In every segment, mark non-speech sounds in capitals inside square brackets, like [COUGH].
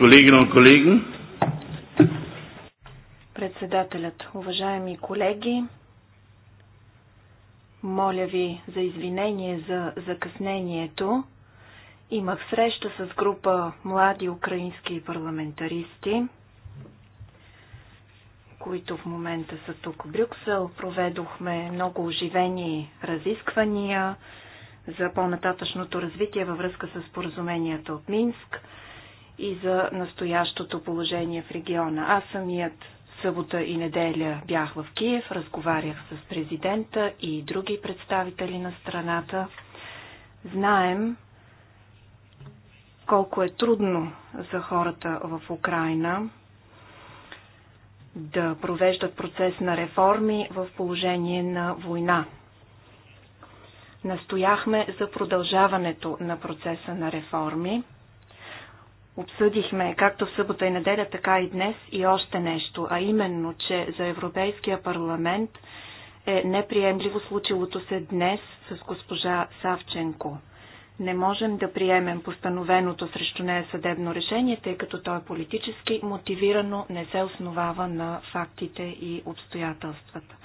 Колеги на колеги. Председателят, уважаеми колеги, моля ви за извинение за закъснението. Имах среща с група млади украински парламентаристи, които в момента са тук в Брюксел. Проведохме много оживени разисквания за по-нататъчното развитие във връзка с поразуменията от Минск – и за настоящото положение в региона. Аз самият събота и неделя бях в Киев, разговарях с президента и други представители на страната. Знаем колко е трудно за хората в Украина да провеждат процес на реформи в положение на война. Настояхме за продължаването на процеса на реформи. Обсъдихме както в събота и неделя, така и днес и още нещо, а именно, че за Европейския парламент е неприемливо случилото се днес с госпожа Савченко. Не можем да приемем постановеното срещу нея съдебно решение, тъй като то е политически мотивирано, не се основава на фактите и обстоятелствата.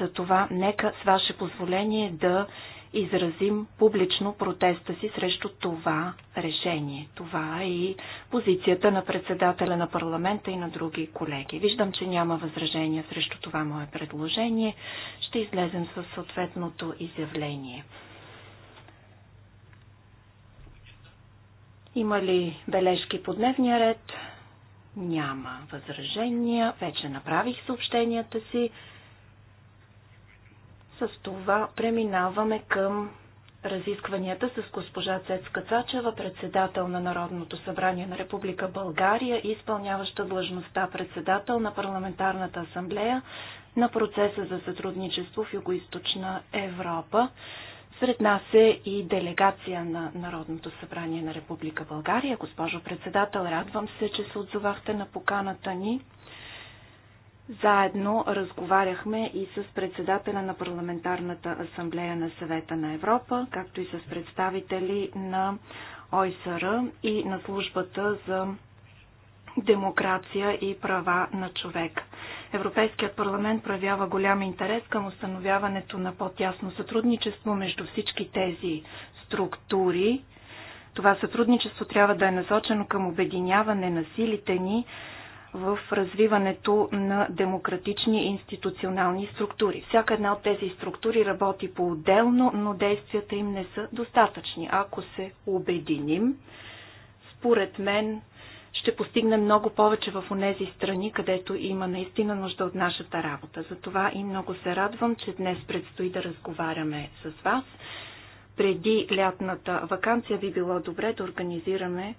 Затова нека с ваше позволение да изразим публично протеста си срещу това решение. Това е и позицията на председателя на парламента и на други колеги. Виждам, че няма възражения срещу това мое предложение. Ще излезем със съответното изявление. Има ли бележки по дневния ред? Няма възражения. Вече направих съобщенията си. С това преминаваме към разискванията с госпожа Цецка Цачева, председател на Народното събрание на Република България и изпълняваща длъжността председател на Парламентарната асамблея на процеса за сътрудничество в Юго-Источна Европа. Сред нас е и делегация на Народното събрание на Република България. Госпожо председател, радвам се, че се отзовахте на поканата ни. Заедно разговаряхме и с председателя на Парламентарната асамблея на съвета на Европа, както и с представители на ОИСР и на службата за демокрация и права на човек. Европейският парламент проявява голям интерес към установяването на по-тясно сътрудничество между всички тези структури. Това сътрудничество трябва да е насочено към обединяване на силите ни в развиването на демократични институционални структури. Всяка една от тези структури работи по-отделно, но действията им не са достатъчни. Ако се обединим, според мен ще постигне много повече в онези страни, където има наистина нужда от нашата работа. Затова и много се радвам, че днес предстои да разговаряме с вас. Преди лятната вакансия би било добре да организираме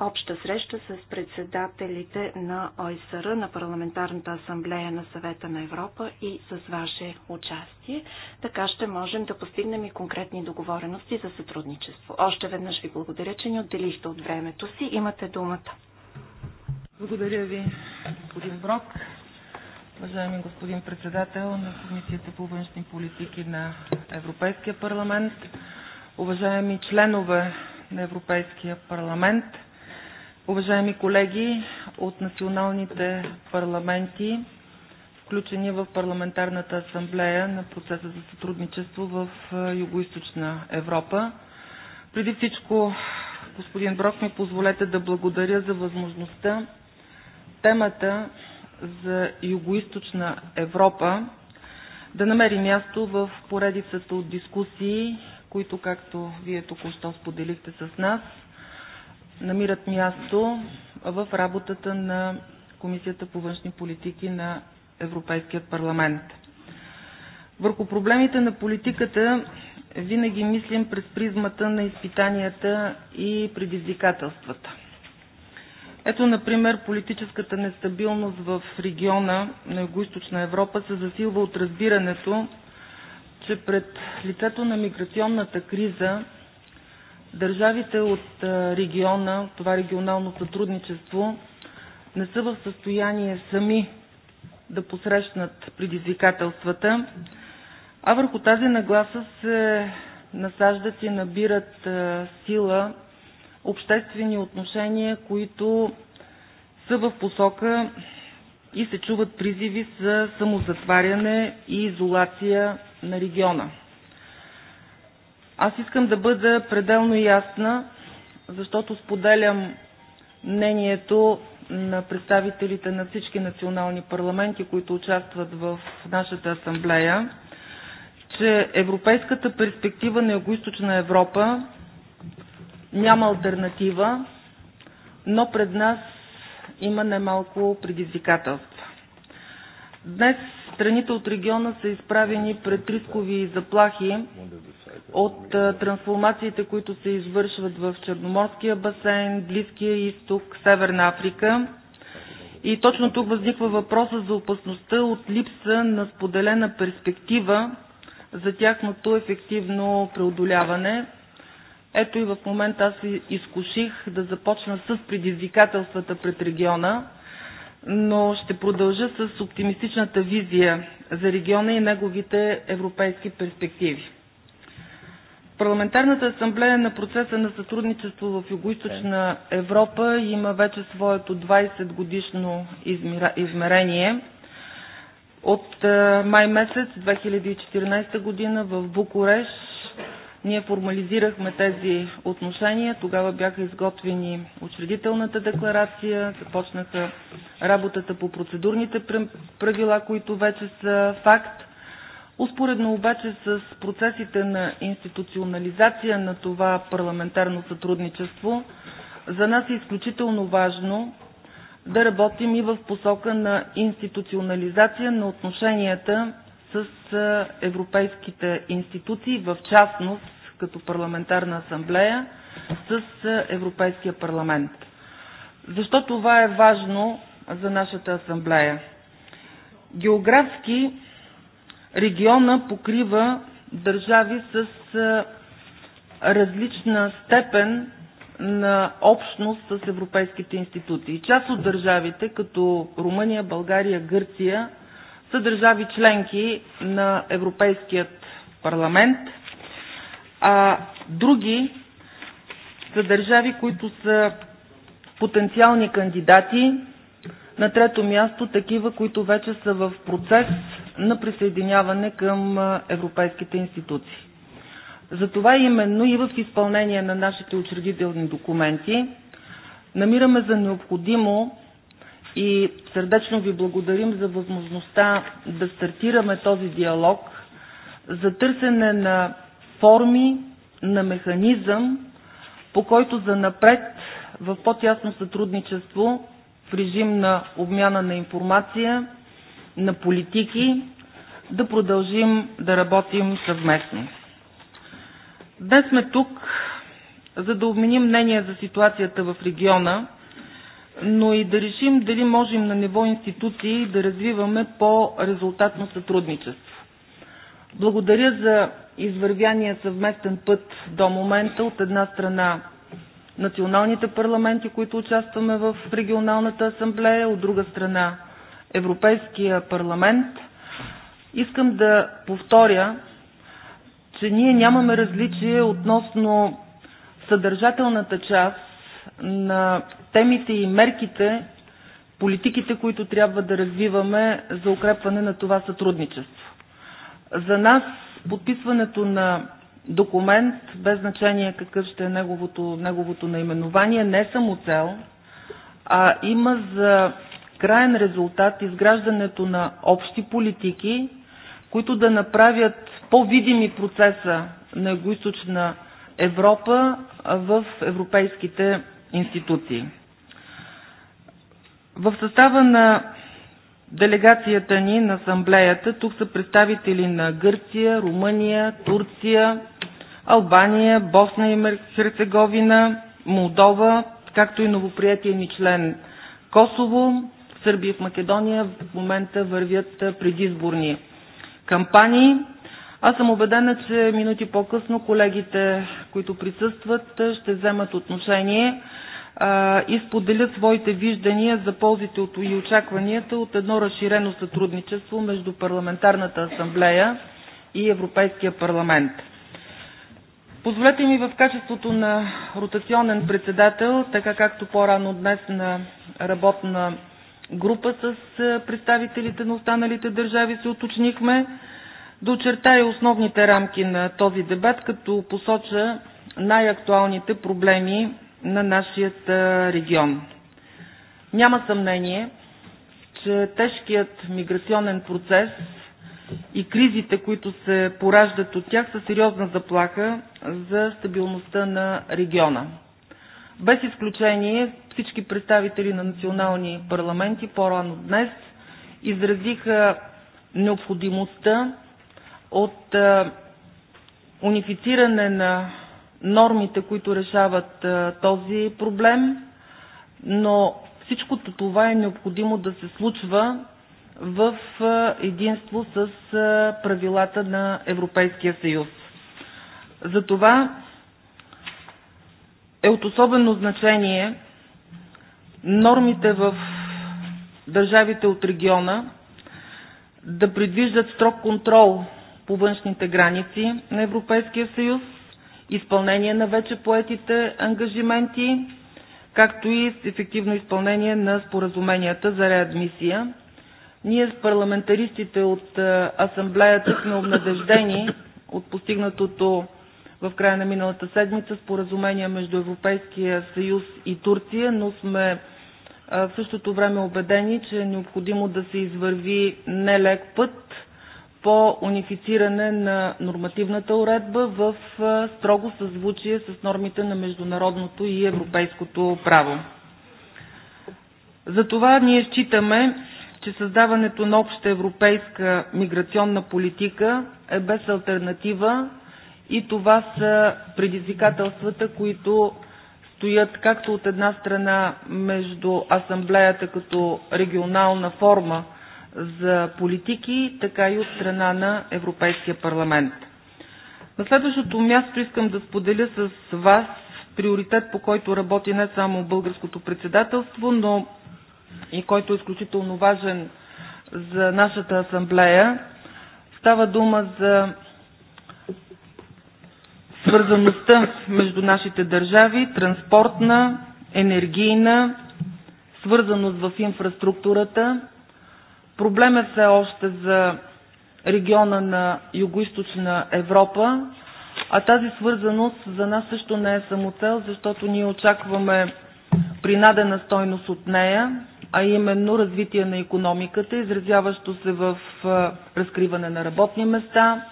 обща среща с председателите на ОСР на Парламентарната асамблея на съвета на Европа и с ваше участие. Така ще можем да постигнем и конкретни договорености за сътрудничество. Още веднъж ви благодаря, че ни отделихте от времето си. Имате думата. Благодаря ви, господин Брок. Уважаеми господин председател на Комисията по външни политики на Европейския парламент, уважаеми членове на Европейския парламент, Уважаеми колеги от националните парламенти, включени в Парламентарната асамблея на процеса за сътрудничество в е, Югоизточна Европа, преди всичко, господин Брок, ми позволете да благодаря за възможността темата за Югоизточна Европа да намери място в поредицата от дискусии, които, както Вие току-що споделихте с нас, намират място в работата на Комисията по външни политики на Европейския парламент. Върху проблемите на политиката винаги мислим през призмата на изпитанията и предизвикателствата. Ето например политическата нестабилност в региона на Югоизточна Европа се засилва от разбирането, че пред лицето на миграционната криза държавите от региона, това регионално сътрудничество, не са в състояние сами да посрещнат предизвикателствата, а върху тази нагласа се насаждат и набират сила обществени отношения, които са в посока и се чуват призиви за самозатваряне и изолация на региона. Аз искам да бъда пределно ясна, защото споделям мнението на представителите на всички национални парламенти, които участват в нашата асамблея, че европейската перспектива на Югоизточна Европа няма альтернатива, но пред нас има немалко предизвикателства. Днес Страните от региона са изправени пред рискови заплахи от трансформациите, които се извършват в Черноморския басейн, Близкия Изток, Северна Африка. И Точно тук възниква въпроса за опасността от липса на споделена перспектива за тяхното ефективно преодоляване. Ето и в момента аз изкуших да започна с предизвикателствата пред региона, но ще продължа с оптимистичната визия за региона и неговите европейски перспективи. Парламентарната асамблея на процеса на сътрудничество в Югоизточна Европа има вече своето 20-годишно измерение. От май месец 2014 година в Букуреш ние формализирахме тези отношения. Тогава бяха изготвени учредителната декларация, започнаха работата по процедурните правила, които вече са факт. Успоредно обаче с процесите на институционализация на това парламентарно сътрудничество, за нас е изключително важно да работим и в посока на институционализация на отношенията с европейските институции, в частност като Парламентарна асамблея с Европейския парламент. Защо това е важно за нашата асамблея? Географски региона покрива държави с различна степен на общност с европейските институции. Част от държавите, като Румъния, България, Гърция, са държави членки на Европейският парламент, а други са държави, които са потенциални кандидати. На трето място такива, които вече са в процес на присъединяване към европейските институции. Затова именно и в изпълнение на нашите учредителни документи намираме за необходимо и сърдечно Ви благодарим за възможността да стартираме този диалог за търсене на форми, на механизъм, по който за напред в по-тясно сътрудничество в режим на обмяна на информация, на политики да продължим да работим съвместно. Днес сме тук, за да обменим мнение за ситуацията в региона но и да решим дали можем на ниво институции да развиваме по-резултатно сътрудничество. Благодаря за извървяния съвместен път до момента. От една страна националните парламенти, които участваме в Регионалната асамблея, от друга страна Европейския парламент. Искам да повторя, че ние нямаме различие относно съдържателната част на темите и мерките, политиките, които трябва да развиваме за укрепване на това сътрудничество. За нас подписването на документ, без значение какъв ще е неговото наименование, не е цел, а има за краен резултат изграждането на общи политики, които да направят по-видими процеса на Югоизточна Европа в европейските институции. В състава на делегацията ни на Асамблеята тук са представители на Гърция, Румъния, Турция, Албания, Босна и Херцеговина, Молдова, както и новоприятия ни член Косово, Сърбия в Македония в момента вървят предизборни кампании. Аз съм убедена, че минути по-късно колегите, които присъстват, ще вземат отношение и споделят своите виждания за ползите и очакванията от едно разширено сътрудничество между Парламентарната асамблея и Европейския парламент. Позволете ми в качеството на ротационен председател, така както по-рано днес на работна група с представителите на останалите държави се уточнихме, да очертая основните рамки на този дебат, като посоча най-актуалните проблеми на нашия регион. Няма съмнение, че тежкият миграционен процес и кризите, които се пораждат от тях, са сериозна заплаха за стабилността на региона. Без изключение всички представители на национални парламенти по-рано днес изразиха необходимостта от е, унифициране на нормите, които решават е, този проблем, но всичко това е необходимо да се случва в е, единство с правилата на Европейския съюз. Затова е от особено значение нормите в държавите от региона да предвиждат строг контрол по външните граници на Европейския съюз, изпълнение на вече поетите ангажименти, както и с ефективно изпълнение на споразуменията за реадмисия. Ние с парламентаристите от Асамблеята сме обнадеждени от постигнатото в края на миналата седмица споразумение между Европейския съюз и Турция, но сме в същото време убедени, че е необходимо да се извърви нелек път по унифициране на нормативната уредба в строго съзвучие с нормите на международното и европейското право. Затова ние считаме, че създаването на обща европейска миграционна политика е без альтернатива, и това са предизвикателствата, които стоят както от една страна между Асамблеята като регионална форма за политики, така и от страна на Европейския парламент. На следващото място искам да споделя с Вас приоритет, по който работи не само българското председателство, но и който е изключително важен за нашата асамблея. Става дума за свързаността между нашите държави, транспортна, енергийна, свързаност в инфраструктурата, Проблем е все още за региона на Югоизточна Европа, а тази свързаност за нас също не е самоцел, защото ние очакваме принадена стойност от нея, а именно развитие на економиката, изразяващо се в разкриване на работни места,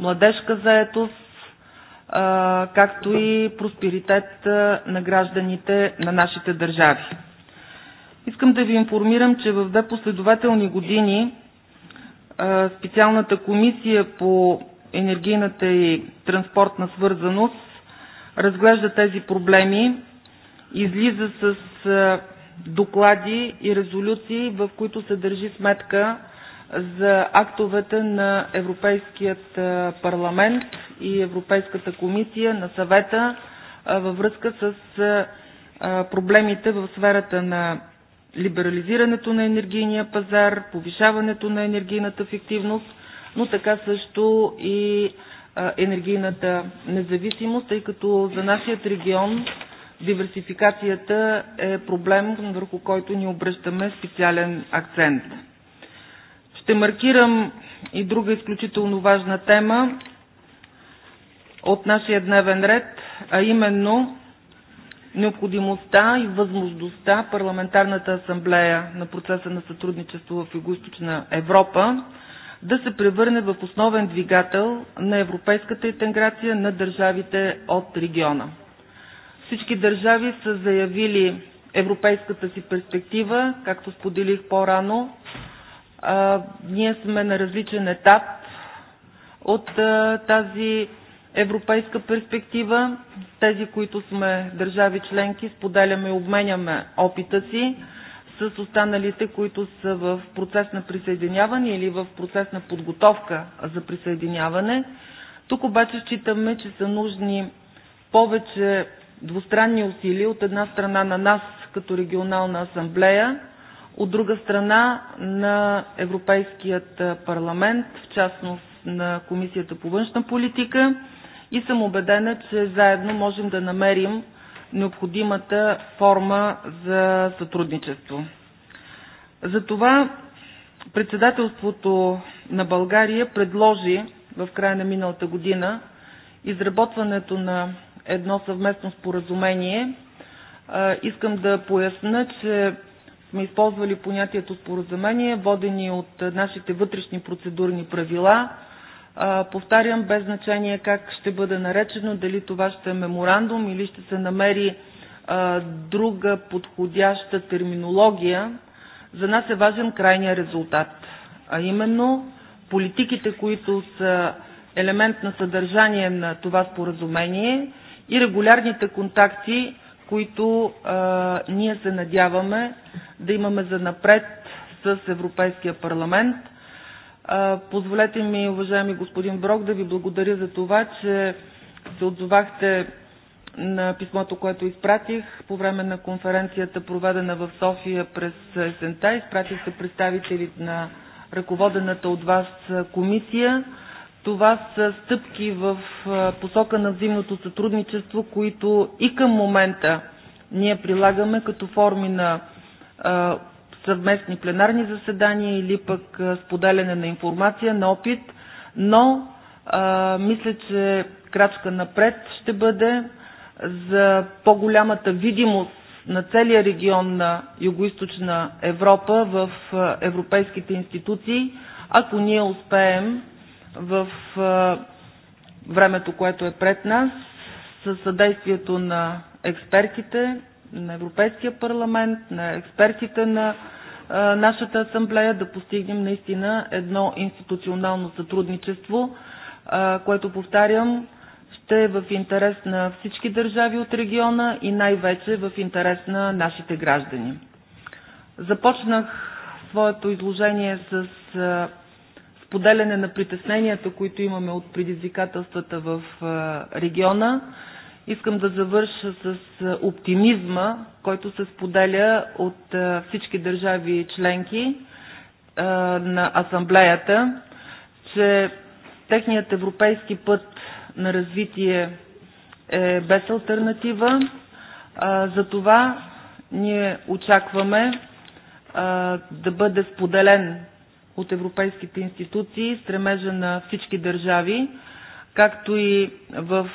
младежка заетост, както и просперитет на гражданите на нашите държави. Искам да Ви информирам, че в две последователни години специалната Комисия по енергийната и транспортна свързаност разглежда тези проблеми, излиза с доклади и резолюции, в които се държи сметка за актовете на Европейският парламент и Европейската комисия, на Съвета във връзка с проблемите в сферата на либерализирането на енергийния пазар, повишаването на енергийната ефективност, но така също и енергийната независимост, тъй като за нашия регион диверсификацията е проблем, върху който ни обръщаме специален акцент. Ще маркирам и друга изключително важна тема от нашия дневен ред, а именно необходимостта и възможността Парламентарната асамблея на процеса на сътрудничество в Югоизточна Европа да се превърне в основен двигател на европейската интеграция на държавите от региона. Всички държави са заявили европейската си перспектива, както споделих по-рано. Ние сме на различен етап от тази европейска перспектива. Тези, които сме държави членки, споделяме и обменяме опита си с останалите, които са в процес на присъединяване или в процес на подготовка за присъединяване. Тук обаче считаме, че са нужни повече двустранни усилия, от една страна на нас като регионална асамблея, от друга страна на Европейският парламент, в частност на Комисията по външна политика и съм убедена, че заедно можем да намерим необходимата форма за сътрудничество. Затова председателството на България предложи в края на миналата година изработването на едно съвместно споразумение. Искам да поясня, че сме използвали понятието споразумение, водени от нашите вътрешни процедурни правила, Повтарям, без значение как ще бъде наречено, дали това ще е меморандум или ще се намери друга подходяща терминология, за нас е важен крайният резултат, а именно политиките, които са елемент на съдържание на това споразумение и регулярните контакти, които а, ние се надяваме да имаме за напред с Европейския парламент, Позволете ми, уважаеми господин Брок, да Ви благодаря за това, че се отзовахте на писмото, което изпратих по време на конференцията, проведена в София през есента. Изпратихте представители на ръководената от Вас комисия. Това са стъпки в посока на взаимното сътрудничество, които и към момента ние прилагаме като форми на съвместни пленарни заседания или пък споделяне на информация, на опит, но мисля, че крачка напред ще бъде за по-голямата видимост на целия регион на Югоизточна Европа в европейските институции, ако ние успеем в времето, което е пред нас, със съдействието на експертите на Европейския парламент, на експертите на нашата асамблея, да постигнем наистина едно институционално сътрудничество, което, повтарям, ще е в интерес на всички държави от региона и най-вече в интерес на нашите граждани. Започнах своето изложение с споделяне на притесненията, които имаме от предизвикателствата в региона. Искам да завърша с оптимизма, който се споделя от всички държави членки на Асамблеята, че техният европейски път на развитие е без альтернатива. Затова ние очакваме да бъде споделен от европейските институции стремежа на всички държави, както и в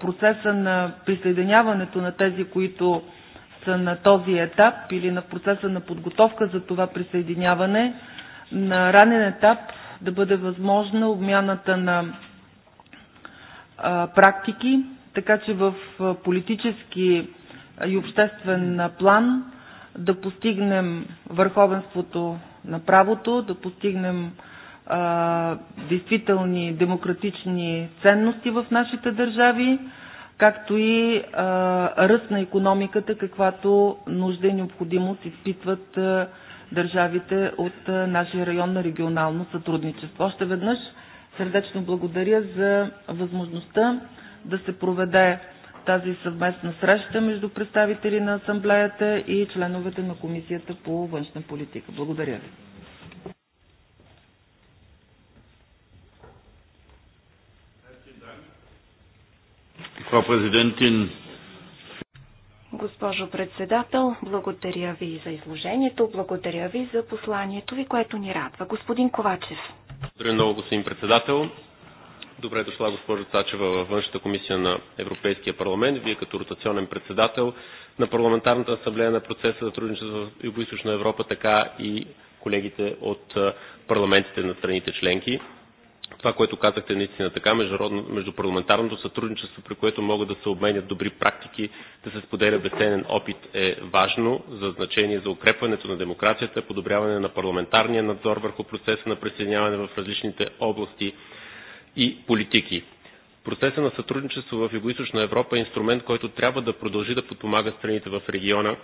процеса на присъединяването на тези, които са на този етап или в процеса на подготовка за това присъединяване, на ранен етап да бъде възможна обмяната на практики, така че в политически и обществен план да постигнем върховенството на правото, да постигнем а, действителни демократични ценности в нашите държави, както и а, ръст на економиката, каквато нужда и необходимост изпитват а, държавите от а, нашия район на регионално сътрудничество. Още веднъж сърдечно благодаря за възможността да се проведе тази съвместна среща между представители на асамблеята и членовете на Комисията по външна политика. Благодаря ви. Госпожо председател, благодаря ви за изложението, благодаря ви за посланието ви, което ни радва. Господин Ковачев. Благодаря много, господин председател. Добре дошла госпожо Цачева във външната комисия на Европейския парламент. Вие като ротационен председател на парламентарната асамблея на процеса за трудничество в Юго-Источна Европа, така и колегите от парламентите на страните членки това, което казахте, наистина така. парламентарното сътрудничество, при което могат да се обменят добри практики, да се споделя безценен опит, е важно, за значение за укрепването на демокрацията, подобряване на парламентарния надзор върху процеса на присъединяване в различните области и политики. Процеса на сътрудничество в Югоизточна Европа е инструмент, който трябва да продължи да подпомага страните в региона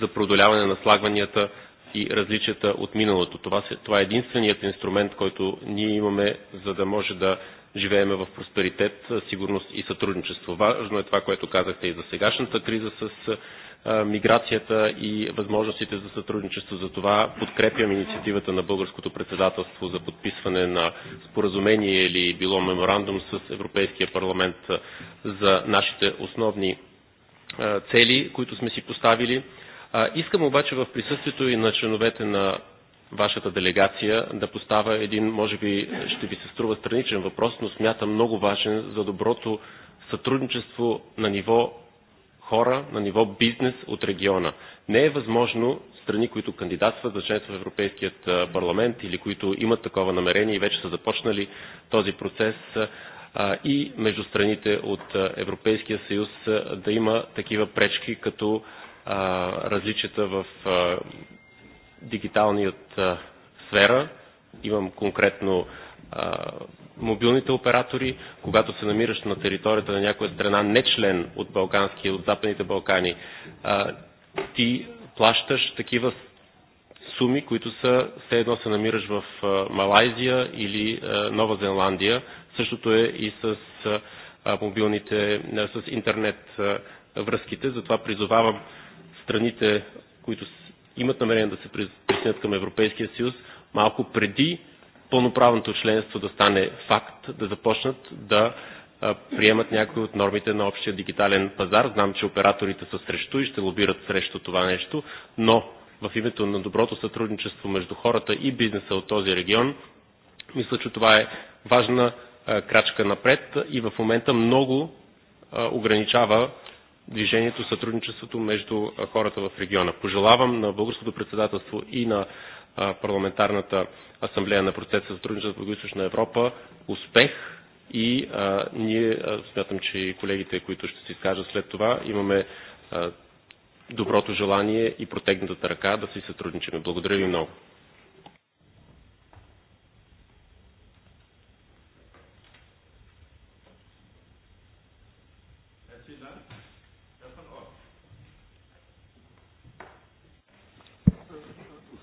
за продоляване на слагванията и различията от миналото. Това, се, това е единственият инструмент, който ние имаме, за да може да живееме в просперитет, сигурност и сътрудничество. Важно е това, което казахте и за сегашната криза с миграцията и възможностите за сътрудничество. За това подкрепям инициативата на българското председателство за подписване на споразумение или било меморандум с Европейския парламент за нашите основни цели, които сме си поставили. А, искам обаче в присъствието и на членовете на вашата делегация да поставя един, може би ще ви се струва страничен въпрос, но смятам много важен за доброто сътрудничество на ниво хора, на ниво бизнес от региона. Не е възможно страни, които кандидатстват за членство в Европейският парламент или които имат такова намерение и вече са започнали този процес и между страните от Европейския съюз да има такива пречки като различията в дигиталният сфера. Имам конкретно мобилните оператори, когато се намираш на територията на някоя страна, не член от Балканския, от Западните Балкани, ти плащаш такива суми, които са все едно се намираш в Малайзия или Нова Зеландия. Същото е и с мобилните, с интернет връзките. Затова призовавам страните, които имат намерение да се присъединят към Европейския съюз, малко преди пълноправното членство да стане факт, да започнат да приемат някои от нормите на общия дигитален пазар. Знам, че операторите са срещу и ще лобират срещу това нещо, но в името на доброто сътрудничество между хората и бизнеса от този регион, мисля, че това е важна крачка напред и в момента много ограничава движението, сътрудничеството между хората в региона. Пожелавам на българското председателство и на парламентарната асамблея на процеса за сътрудничество в юго Европа успех и а, ние, смятам, че и колегите, които ще се изкажат след това, имаме а, доброто желание и протегната ръка да си сътрудничим. Благодаря ви много.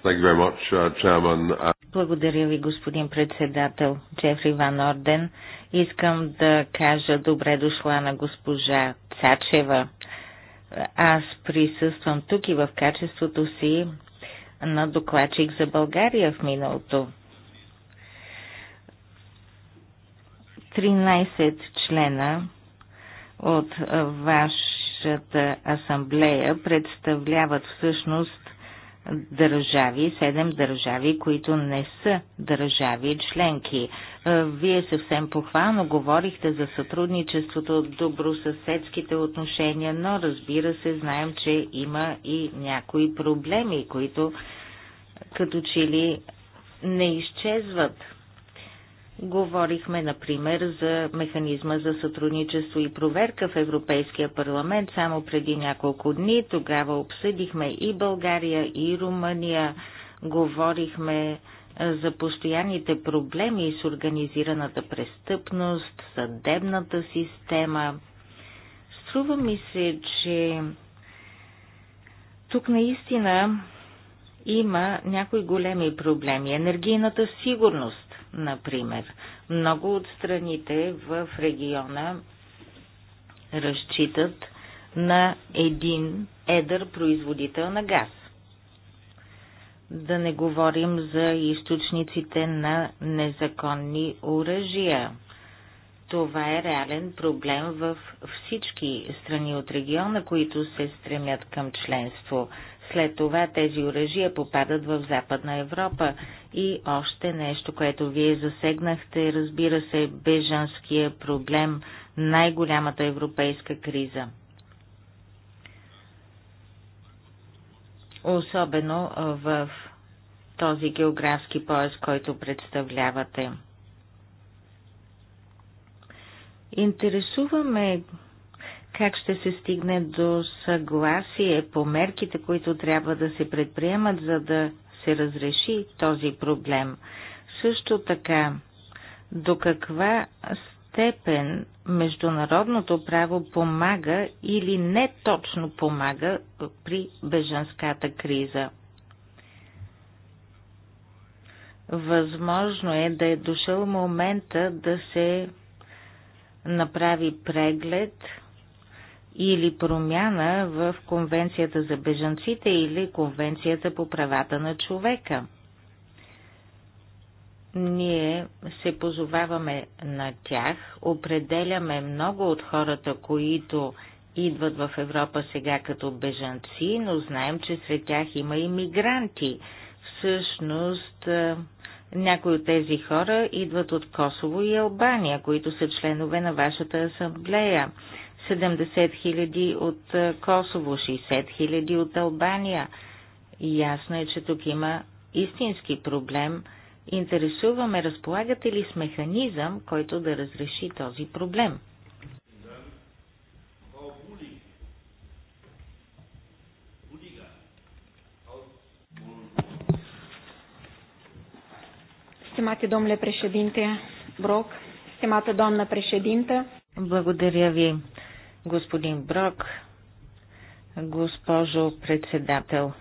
Uh, uh, Благодаря ви, господин председател Джефри Ван Орден. Искам да кажа добре дошла на госпожа Цачева. Аз присъствам тук и в качеството си на докладчик за България в миналото. 13 члена от вашата асамблея представляват всъщност държави, седем държави, които не са държави членки. Е, вие съвсем похвално говорихте за сътрудничеството, добросъседските отношения, но разбира се, знаем, че има и някои проблеми, които като че ли не изчезват Говорихме, например, за механизма за сътрудничество и проверка в Европейския парламент само преди няколко дни. Тогава обсъдихме и България, и Румъния. Говорихме за постоянните проблеми с организираната престъпност, съдебната система. Струва ми се, че тук наистина има някои големи проблеми. Енергийната сигурност например. Много от страните в региона разчитат на един едър производител на газ. Да не говорим за източниците на незаконни оръжия. Това е реален проблем в всички страни от региона, които се стремят към членство. След това тези оръжия попадат в Западна Европа. И още нещо, което вие засегнахте, разбира се, бежанския проблем, най-голямата европейска криза. Особено в този географски пояс, който представлявате. Интересуваме как ще се стигне до съгласие по мерките, които трябва да се предприемат, за да се разреши този проблем. Също така, до каква степен международното право помага или не точно помага при беженската криза. Възможно е да е дошъл момента да се направи преглед или промяна в Конвенцията за бежанците или Конвенцията по правата на човека. Ние се позоваваме на тях, определяме много от хората, които идват в Европа сега като бежанци, но знаем, че сред тях има и мигранти. Всъщност, е, някои от тези хора идват от Косово и Албания, които са членове на вашата асамблея. 70 хиляди от е, Косово, 60 хиляди от Албания. И ясно е, че тук има истински проблем. Интересуваме, разполагате ли с механизъм, който да разреши този проблем? Стимате домле președинте Брок, стимата домна președинта. Благодаря ви, господин Брок, госпожо председател.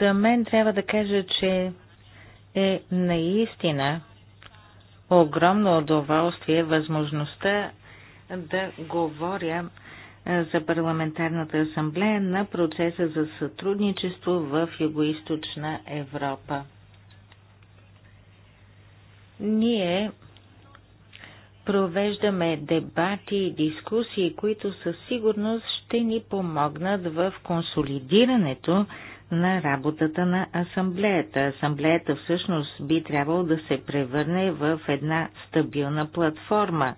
За мен трябва да кажа, че е наистина огромно удоволствие възможността да говоря за парламентарната асамблея на процеса за сътрудничество в Юго-Источна Европа. Ние провеждаме дебати и дискусии, които със сигурност ще ни помогнат в консолидирането на работата на асамблеята. Асамблеята всъщност би трябвало да се превърне в една стабилна платформа.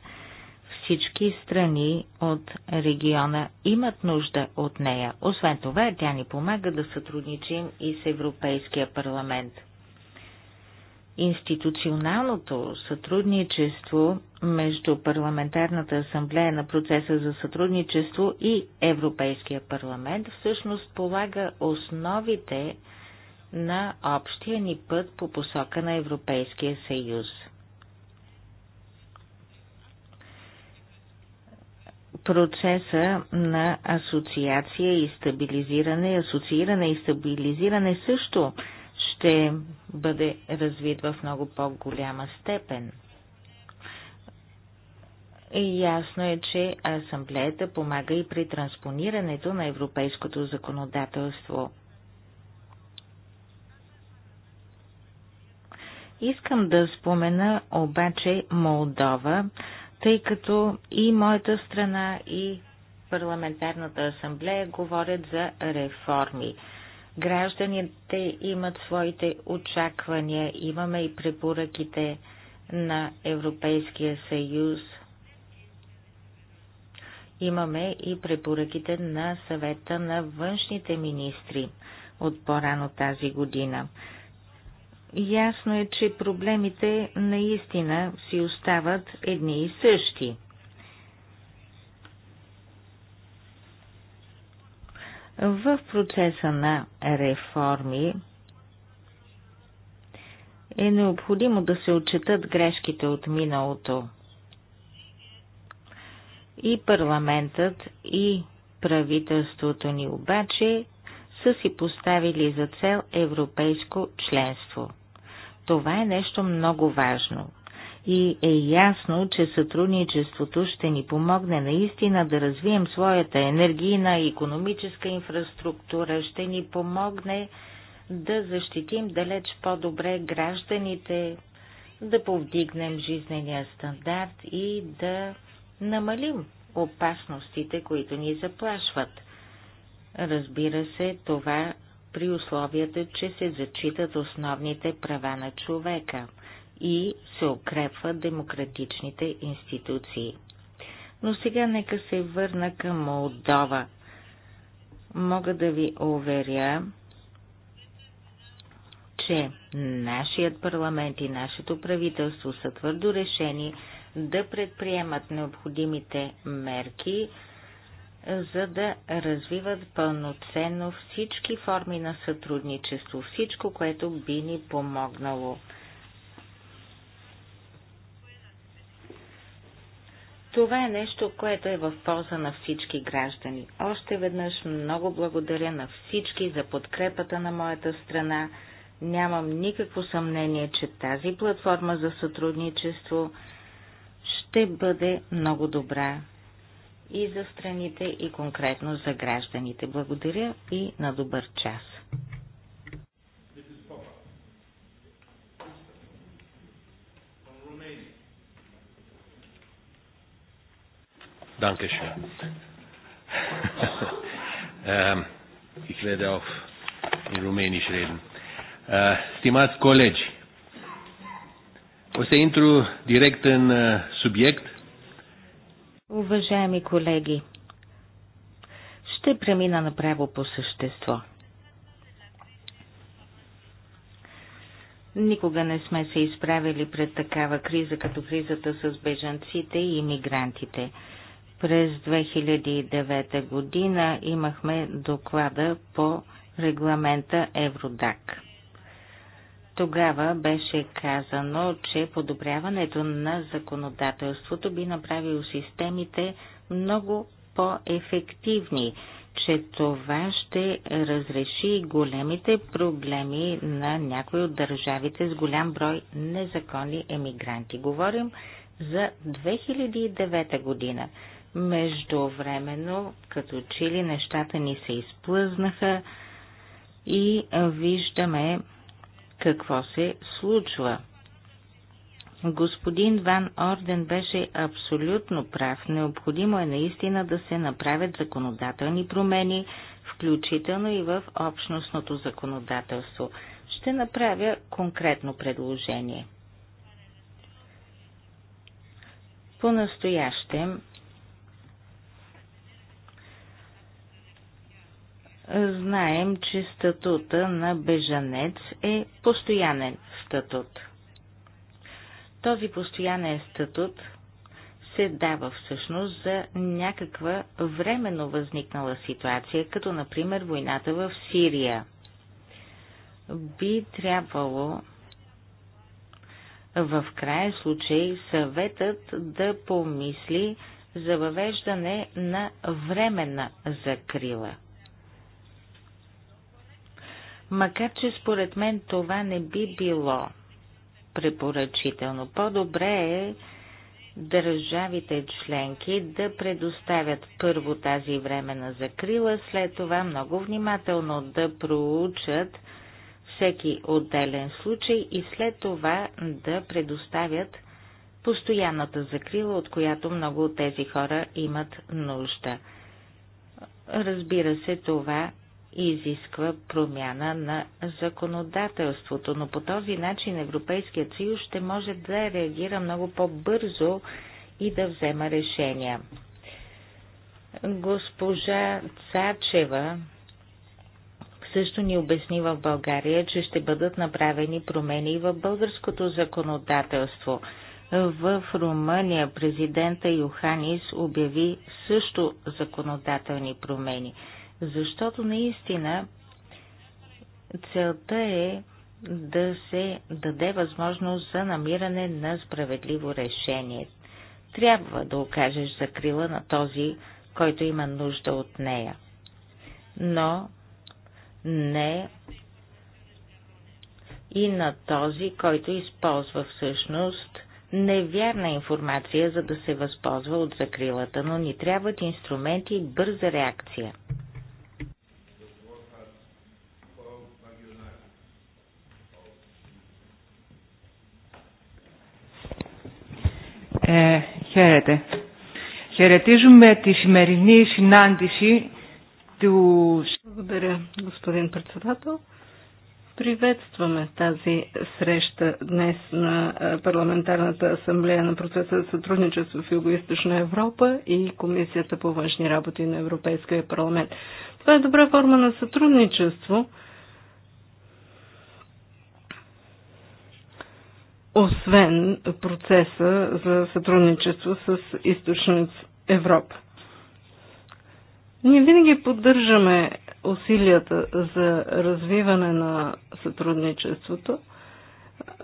Всички страни от региона имат нужда от нея. Освен това, тя ни помага да сътрудничим и с Европейския парламент. Институционалното сътрудничество между Парламентарната асамблея на процеса за сътрудничество и Европейския парламент всъщност полага основите на общия ни път по посока на Европейския съюз. Процеса на асоциация и стабилизиране, асоцииране и стабилизиране също ще бъде развит в много по-голяма степен – Ясно е, че асамблеята помага и при транспонирането на европейското законодателство. Искам да спомена обаче Молдова, тъй като и моята страна, и парламентарната асамблея говорят за реформи. Гражданите имат своите очаквания, имаме и препоръките на Европейския съюз – имаме и препоръките на съвета на външните министри от по-рано тази година. Ясно е, че проблемите наистина си остават едни и същи. В процеса на реформи е необходимо да се отчетат грешките от миналото. И парламентът, и правителството ни обаче са си поставили за цел европейско членство. Това е нещо много важно. И е ясно, че сътрудничеството ще ни помогне наистина да развием своята енергийна и економическа инфраструктура, ще ни помогне да защитим далеч по-добре гражданите, да повдигнем жизнения стандарт и да намалим опасностите, които ни заплашват. Разбира се, това при условията, че се зачитат основните права на човека и се укрепват демократичните институции. Но сега нека се върна към Молдова. Мога да ви уверя, че нашият парламент и нашето правителство са твърдо решени да предприемат необходимите мерки, за да развиват пълноценно всички форми на сътрудничество, всичко, което би ни помогнало. Това е нещо, което е в полза на всички граждани. Още веднъж много благодаря на всички за подкрепата на моята страна. Нямам никакво съмнение, че тази платформа за сътрудничество – ще бъде много добра и за страните, и конкретно за гражданите. Благодаря и на добър час! Dankeschön. [LAUGHS] ähm, ich werde auch in Rumänisch reden. Äh, stimați colegi, O să intru direct în uh, subiect. Уважаеми колеги, ще премина направо по същество. Никога не сме се изправили пред такава криза, като кризата с бежанците и иммигрантите. През 2009 година имахме доклада по регламента Евродак. Тогава беше казано, че подобряването на законодателството би направило системите много по-ефективни, че това ще разреши големите проблеми на някои от държавите с голям брой незаконни емигранти. Говорим за 2009 година. Междувременно, като чили нещата ни се изплъзнаха и виждаме какво се случва. Господин Ван Орден беше абсолютно прав. Необходимо е наистина да се направят законодателни промени, включително и в общностното законодателство. Ще направя конкретно предложение. По-настоящем знаем, че статута на бежанец е постоянен статут. Този постоянен статут се дава всъщност за някаква временно възникнала ситуация, като например войната в Сирия. Би трябвало в края случай съветът да помисли за въвеждане на временна закрила – Макар, че според мен това не би било препоръчително. По-добре е държавите членки да предоставят първо тази времена закрила, след това много внимателно да проучат всеки отделен случай и след това да предоставят постоянната закрила, от която много от тези хора имат нужда. Разбира се, това изисква промяна на законодателството, но по този начин Европейският съюз ще може да реагира много по-бързо и да взема решения. Госпожа Цачева също ни обясни в България, че ще бъдат направени промени и в българското законодателство. В Румъния президента Йоханис обяви също законодателни промени – защото наистина целта е да се даде възможност за намиране на справедливо решение. Трябва да окажеш закрила на този, който има нужда от нея. Но не и на този, който използва всъщност невярна информация, за да се възползва от закрилата, но ни трябват инструменти и бърза реакция – Ε, χαίρετε. Χαιρετίζουμε τη σημερινή συνάντηση του... Благодаря, господин председател. Приветстваме тази среща днес на е, Парламентарната асамблея на процеса за сътрудничество в Юго-Источна Европа и Комисията по външни работи на Европейския парламент. Това е добра форма на сътрудничество – освен процеса за сътрудничество с източниц Европа. Ние винаги поддържаме усилията за развиване на сътрудничеството.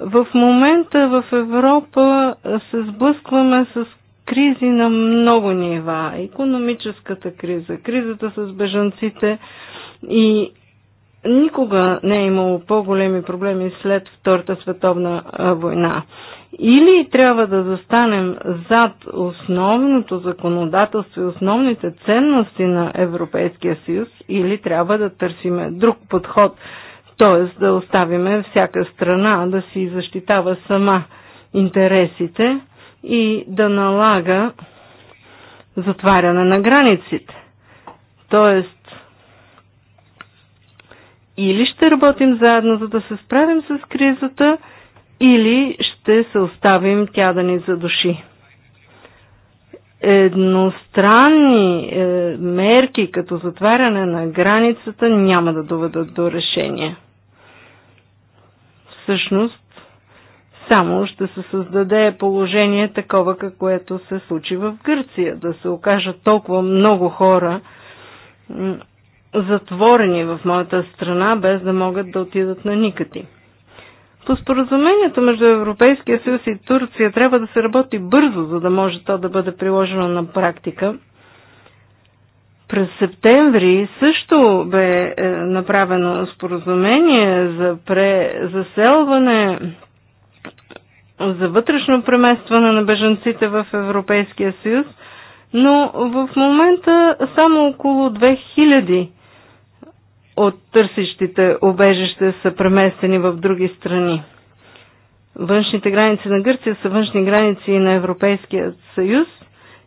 В момента в Европа се сблъскваме с кризи на много нива. Економическата криза, кризата с бежанците и никога не е имало по-големи проблеми след Втората световна война. Или трябва да застанем зад основното законодателство и основните ценности на Европейския съюз, или трябва да търсиме друг подход, т.е. да оставиме всяка страна да си защитава сама интересите и да налага затваряне на границите. Тоест, или ще работим заедно, за да се справим с кризата, или ще се оставим тя да ни задуши. Едностранни е, мерки, като затваряне на границата, няма да доведат до решение. Всъщност, само ще се създаде положение такова, което се случи в Гърция, да се окажат толкова много хора затворени в моята страна, без да могат да отидат на никъде. По споразумението между Европейския съюз и Турция трябва да се работи бързо, за да може то да бъде приложено на практика. През септември също бе е, направено споразумение за презаселване, за вътрешно преместване на бежанците в Европейския съюз, но в момента само около 2000 от търсещите обежище са преместени в други страни. Външните граници на Гърция са външни граници на Европейския съюз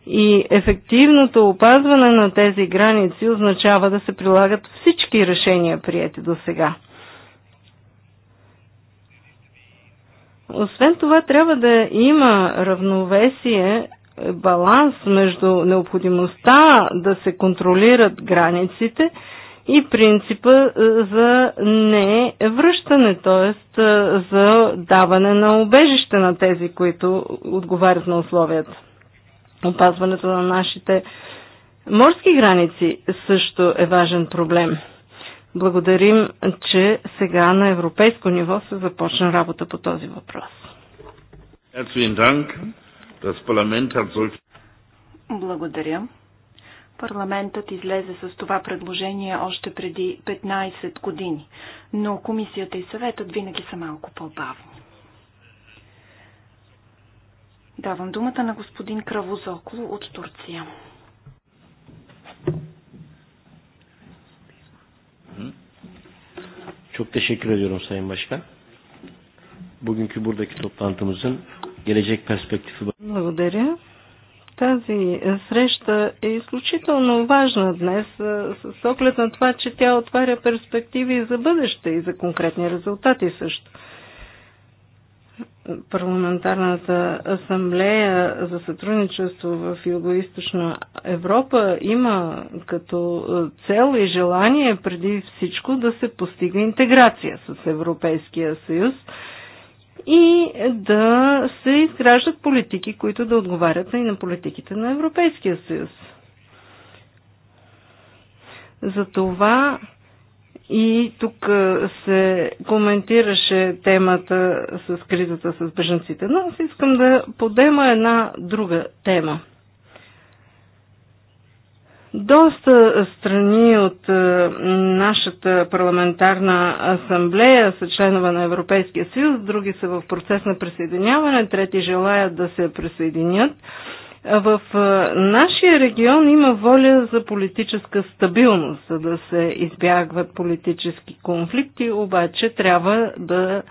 и ефективното опазване на тези граници означава да се прилагат всички решения, прияти до сега. Освен това, трябва да има равновесие, баланс между необходимостта да се контролират границите – и принципа е, за не връщане, т.е. за даване на обежище на тези, които отговарят на условията. Опазването на нашите морски граници също е важен проблем. Благодарим, че сега на европейско ниво се започна работа по този въпрос. Благодаря. Парламентът излезе с това предложение още преди 15 години, но комисията и съветът винаги са малко по-бавни. Давам думата на господин Кравозоколо от Турция. Çok teşekkür ediyorum Sayın Başkan. Bugünkü buradaki toplantımızın gelecek perspektifi... Благодаря. Тази среща е изключително важна днес с оглед на това, че тя отваря перспективи за бъдеще и за конкретни резултати също. Парламентарната асамблея за сътрудничество в Юго-Источна Европа има като цел и желание преди всичко да се постига интеграция с Европейския съюз и да се изграждат политики, които да отговарят и на политиките на Европейския съюз. Затова и тук се коментираше темата с кризата с беженците, но аз искам да подема една друга тема – доста страни от е, нашата парламентарна асамблея са членове на Европейския съюз, други са в процес на присъединяване, трети желаят да се присъединят. В е, нашия регион има воля за политическа стабилност, за да се избягват политически конфликти, обаче трябва да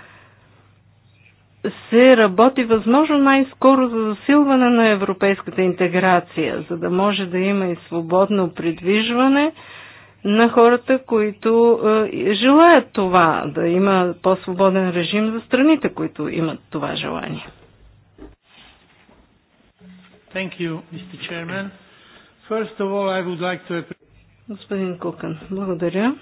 се работи възможно най-скоро за засилване на европейската интеграция, за да може да има и свободно придвижване на хората, които е, желаят това, да има по-свободен режим за страните, които имат това желание. Thank you, Mr. Chairman. First of all, I would like to... Господин Кукан, благодаря.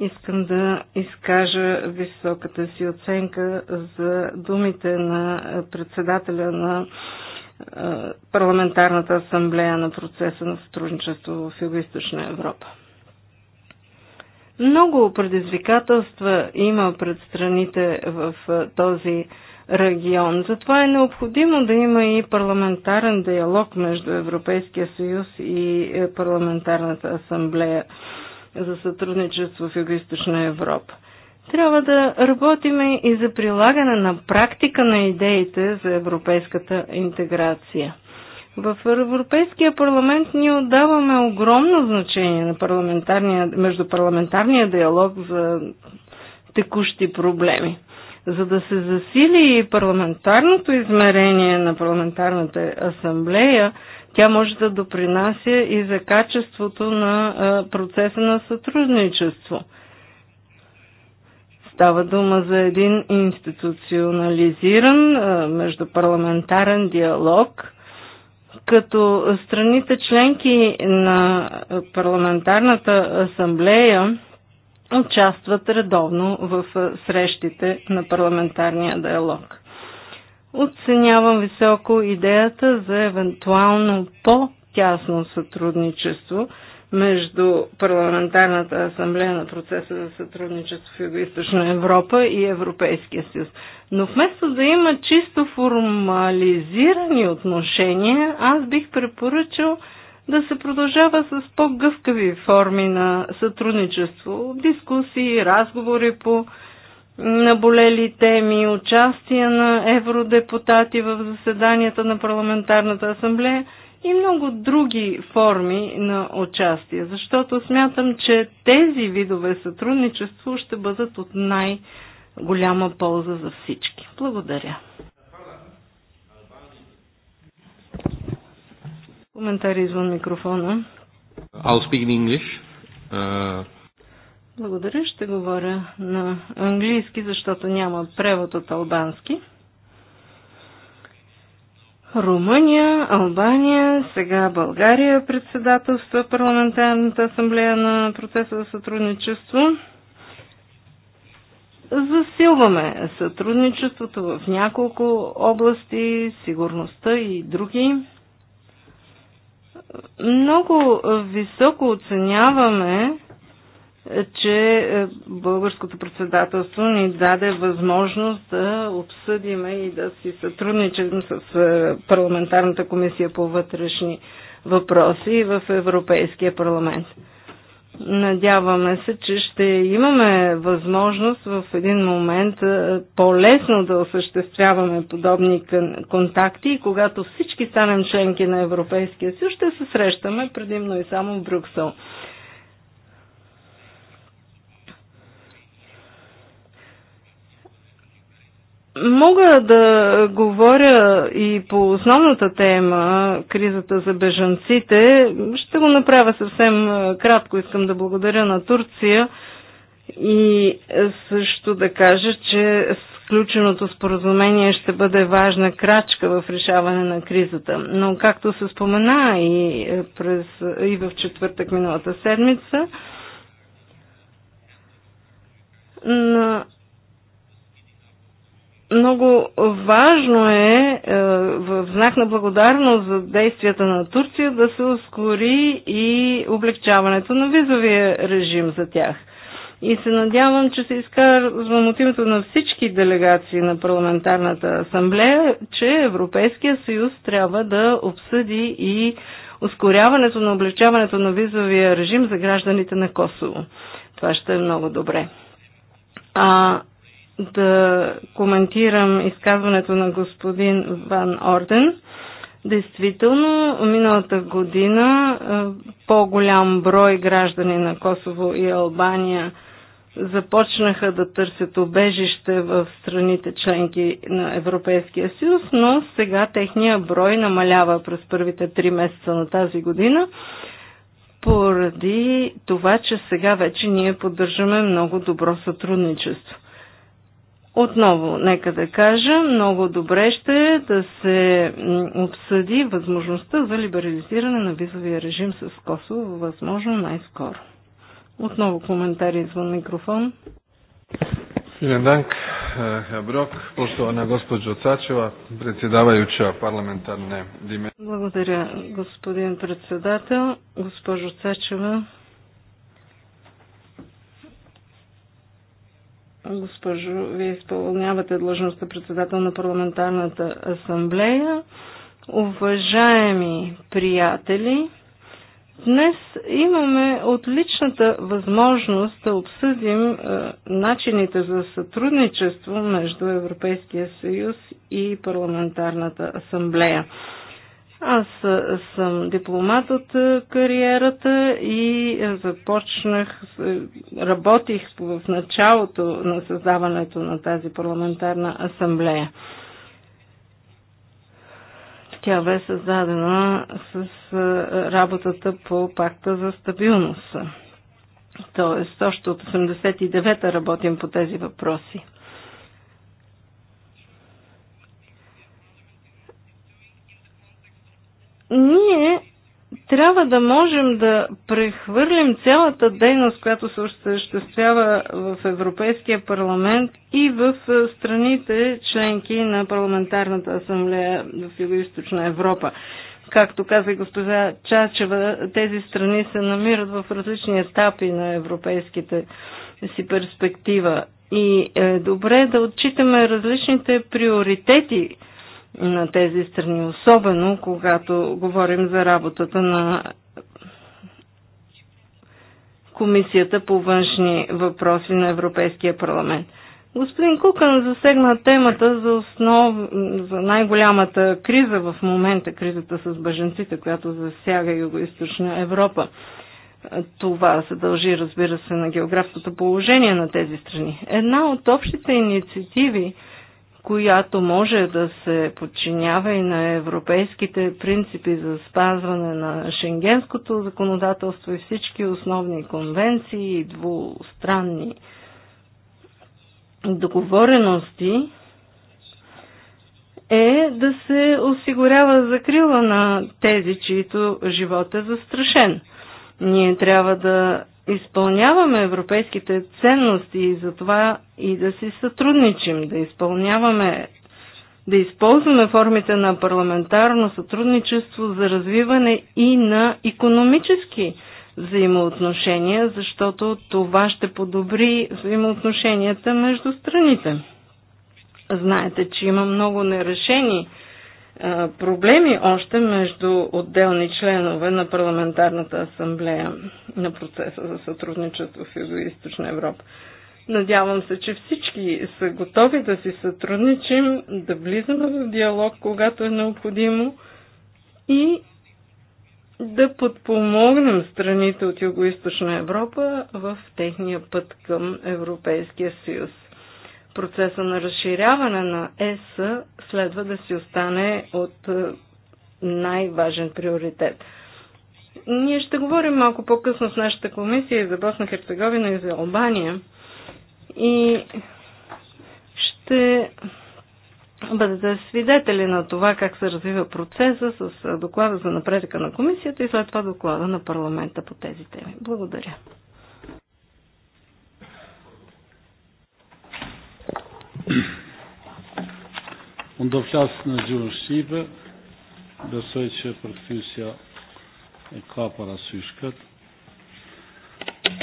Искам да изкажа високата си оценка за думите на председателя на е, парламентарната асамблея на процеса на сътрудничество в Юго-Источна Европа. Много предизвикателства има пред страните в е, този регион. Затова е необходимо да има и парламентарен диалог между Европейския съюз и е, парламентарната асамблея за сътрудничество в Юго-Источна Европа. Трябва да работиме и за прилагане на практика на идеите за европейската интеграция. В Европейския парламент ние отдаваме огромно значение на парламентарния, междупарламентарния диалог за текущи проблеми. За да се засили и парламентарното измерение на парламентарната асамблея, тя може да допринася и за качеството на процеса на сътрудничество. Става дума за един институционализиран междупарламентарен диалог, като страните членки на парламентарната асамблея участват редовно в срещите на парламентарния диалог. Оценявам високо идеята за евентуално по-тясно сътрудничество между Парламентарната асамблея на процеса за сътрудничество в Юго-Источна Европа и Европейския съюз. Но вместо да има чисто формализирани отношения, аз бих препоръчал да се продължава с по-гъвкави форми на сътрудничество, дискусии, разговори по наболели теми, участия на евродепутати в заседанията на парламентарната асамблея и много други форми на участие, защото смятам, че тези видове сътрудничество ще бъдат от най-голяма полза за всички. Благодаря. Коментари извън микрофона. I'll speak in English. Uh... Благодаря, ще говоря на английски, защото няма превод от албански. Румъния, Албания, сега България председателства парламентарната асамблея на процеса за сътрудничество. Засилваме сътрудничеството в няколко области, сигурността и други. Много високо оценяваме че е, българското председателство ни даде възможност да обсъдиме и да си сътрудничим с е, парламентарната комисия по вътрешни въпроси в Европейския парламент. Надяваме се, че ще имаме възможност в един момент е, по-лесно да осъществяваме подобни контакти и когато всички станем членки на Европейския съюз, ще се срещаме предимно и само в Брюксел. Мога да говоря и по основната тема, кризата за бежанците. Ще го направя съвсем кратко. Искам да благодаря на Турция и също да кажа, че сключеното споразумение ще бъде важна крачка в решаване на кризата. Но както се спомена и, през, и в четвъртък миналата седмица, на много важно е, е в знак на благодарност за действията на Турция да се ускори и облегчаването на визовия режим за тях. И се надявам, че се изказвам от името на всички делегации на парламентарната асамблея, че Европейския съюз трябва да обсъди и ускоряването на облегчаването на визовия режим за гражданите на Косово. Това ще е много добре. А да коментирам изказването на господин Ван Орден. Действително, миналата година по-голям брой граждани на Косово и Албания започнаха да търсят обежище в страните членки на Европейския съюз, но сега техния брой намалява през първите три месеца на тази година, поради това, че сега вече ние поддържаме много добро сътрудничество. Отново, нека да кажа, много добре ще е да се обсъди възможността за либерализиране на визовия режим с Косово, възможно най-скоро. Отново коментари извън микрофон. Vielen Dank, eh, Herr Brok. Poštovana gospođo Cačeva, predsjedavajuća Благодаря, господин председател. Госпожо Цачева, Госпожо, вие изпълнявате длъжността председател на парламентарната асамблея. Уважаеми приятели, днес имаме отличната възможност да обсъдим е, начините за сътрудничество между Европейския съюз и парламентарната асамблея. Аз съм дипломат от кариерата и започнах, работих в началото на създаването на тази парламентарна асамблея. Тя бе създадена с работата по пакта за стабилност. Тоест, още от 89-та работим по тези въпроси. ние трябва да можем да прехвърлим цялата дейност, която се осъществява в Европейския парламент и в страните членки на Парламентарната асамблея в Юго-Источна Европа. Както каза госпожа Чачева, тези страни се намират в различни етапи на европейските си перспектива. И е добре да отчитаме различните приоритети, на тези страни, особено когато говорим за работата на Комисията по външни въпроси на Европейския парламент. Господин Кукан засегна темата за, основ... за най-голямата криза в момента, кризата с бъженците, която засяга Юго-Источна Европа. Това се дължи, разбира се, на географското положение на тези страни. Една от общите инициативи, която може да се подчинява и на европейските принципи за спазване на шенгенското законодателство и всички основни конвенции и двустранни договорености, е да се осигурява закрила на тези, чието живот е застрашен. Ние трябва да изпълняваме европейските ценности и това и да си сътрудничим, да изпълняваме, да използваме формите на парламентарно сътрудничество за развиване и на економически взаимоотношения, защото това ще подобри взаимоотношенията между страните. Знаете, че има много нерешени проблеми още между отделни членове на парламентарната асамблея на процеса за сътрудничество в Юго-Источна Европа. Надявам се, че всички са готови да си сътрудничим, да влизаме в диалог, когато е необходимо и да подпомогнем страните от Юго-Источна Европа в техния път към Европейския съюз процеса на разширяване на ЕС следва да си остане от е, най-важен приоритет. Ние ще говорим малко по-късно с нашата комисия за Босна Херцеговина и за Албания и ще бъдете свидетели на това как се развива процеса с е, доклада за напредъка на комисията и след това доклада на парламента по тези теми. Благодаря. Und auf das Najun Schiebe, besoj që përkthysja e ka parasysh këtë.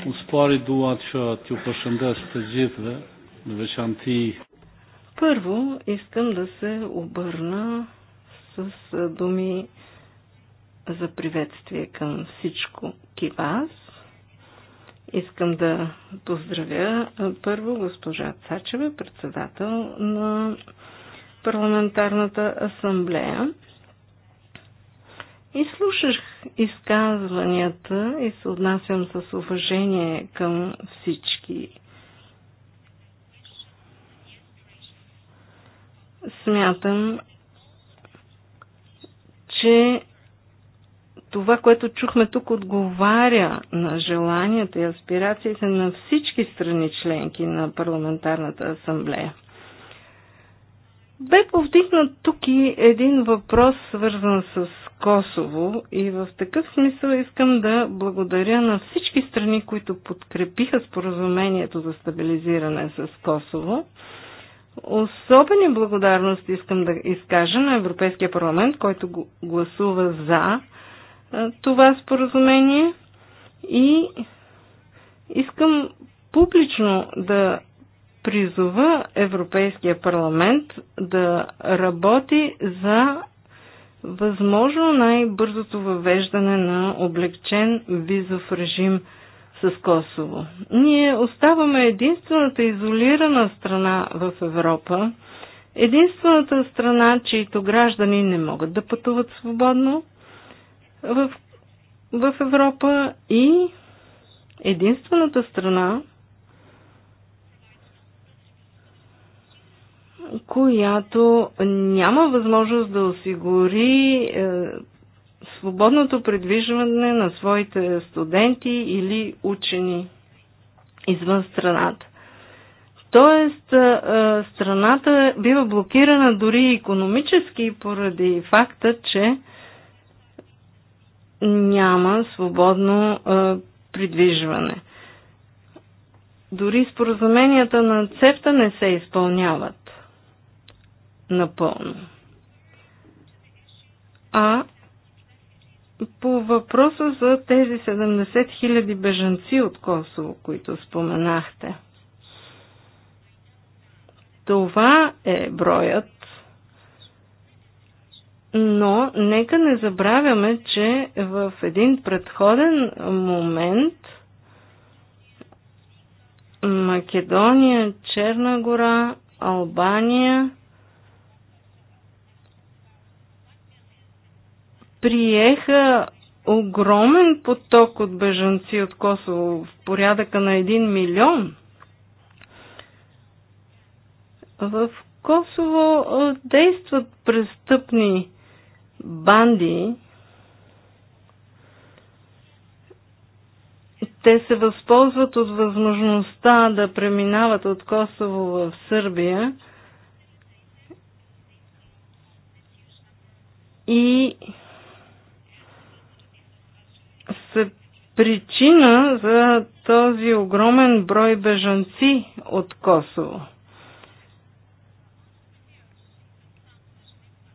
Unë së pari dua që t'ju përshëndes të gjithve, në veçanti. Първо искам да се обърна с думи за приветствие към всичко ки вас. Искам да поздравя първо госпожа Цачева, председател на парламентарната асамблея. И слушах изказванията и се отнасям с уважение към всички. Смятам, че това, което чухме тук, отговаря на желанията и аспирациите на всички страни членки на парламентарната асамблея. Бе повдигнат тук и един въпрос, свързан с Косово и в такъв смисъл искам да благодаря на всички страни, които подкрепиха споразумението за стабилизиране с Косово. Особени благодарности искам да изкажа на Европейския парламент, който гласува за това споразумение и искам публично да призова Европейския парламент да работи за възможно най-бързото въвеждане на облегчен визов режим с Косово. Ние оставаме единствената изолирана страна в Европа, единствената страна, чието граждани не могат да пътуват свободно в, в Европа и единствената страна, която няма възможност да осигури е, свободното придвижване на своите студенти или учени извън страната. Тоест, е, е, страната бива блокирана дори економически поради факта, че няма свободно е, придвижване. Дори споразуменията на ЦЕФТА не се изпълняват напълно. А по въпроса за тези 70 000 бежанци от Косово, които споменахте. Това е броят, но нека не забравяме, че в един предходен момент Македония, Черна гора, Албания приеха огромен поток от бежанци от Косово в порядъка на 1 милион. В Косово действат престъпни банди. Те се възползват от възможността да преминават от Косово в Сърбия и са причина за този огромен брой бежанци от Косово.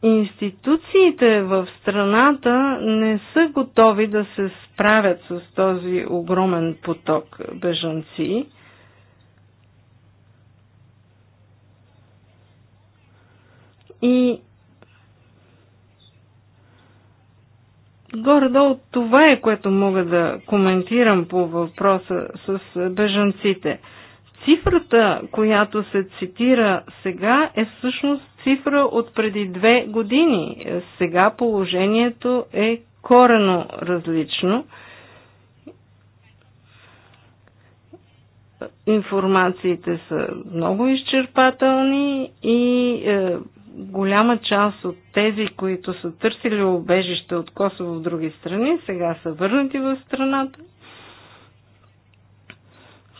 Институциите в страната не са готови да се справят с този огромен поток бежанци. И Горе-долу това е, което мога да коментирам по въпроса с бежанците. Цифрата, която се цитира сега, е всъщност цифра от преди две години. Сега положението е корено различно. Информациите са много изчерпателни и е, голяма част от тези, които са търсили обежище от Косово в други страни, сега са върнати в страната.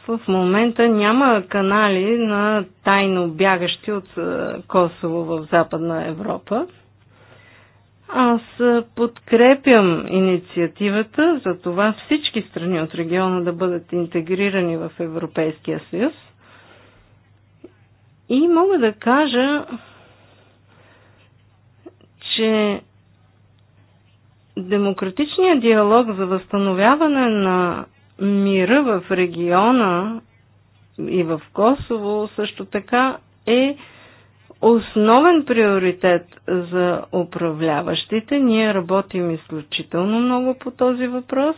В момента няма канали на тайно бягащи от Косово в Западна Европа. Аз подкрепям инициативата за това всички страни от региона да бъдат интегрирани в Европейския съюз. И мога да кажа, че демократичният диалог за възстановяване на мира в региона и в Косово също така е основен приоритет за управляващите. Ние работим изключително много по този въпрос,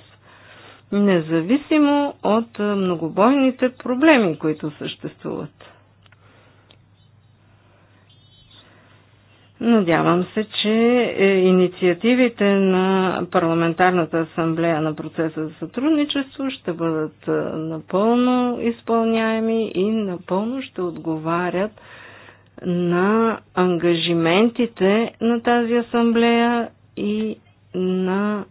независимо от многобойните проблеми, които съществуват. Надявам се, че е, инициативите на Парламентарната асамблея на процеса за сътрудничество ще бъдат е, напълно изпълняеми и напълно ще отговарят на ангажиментите на тази асамблея и на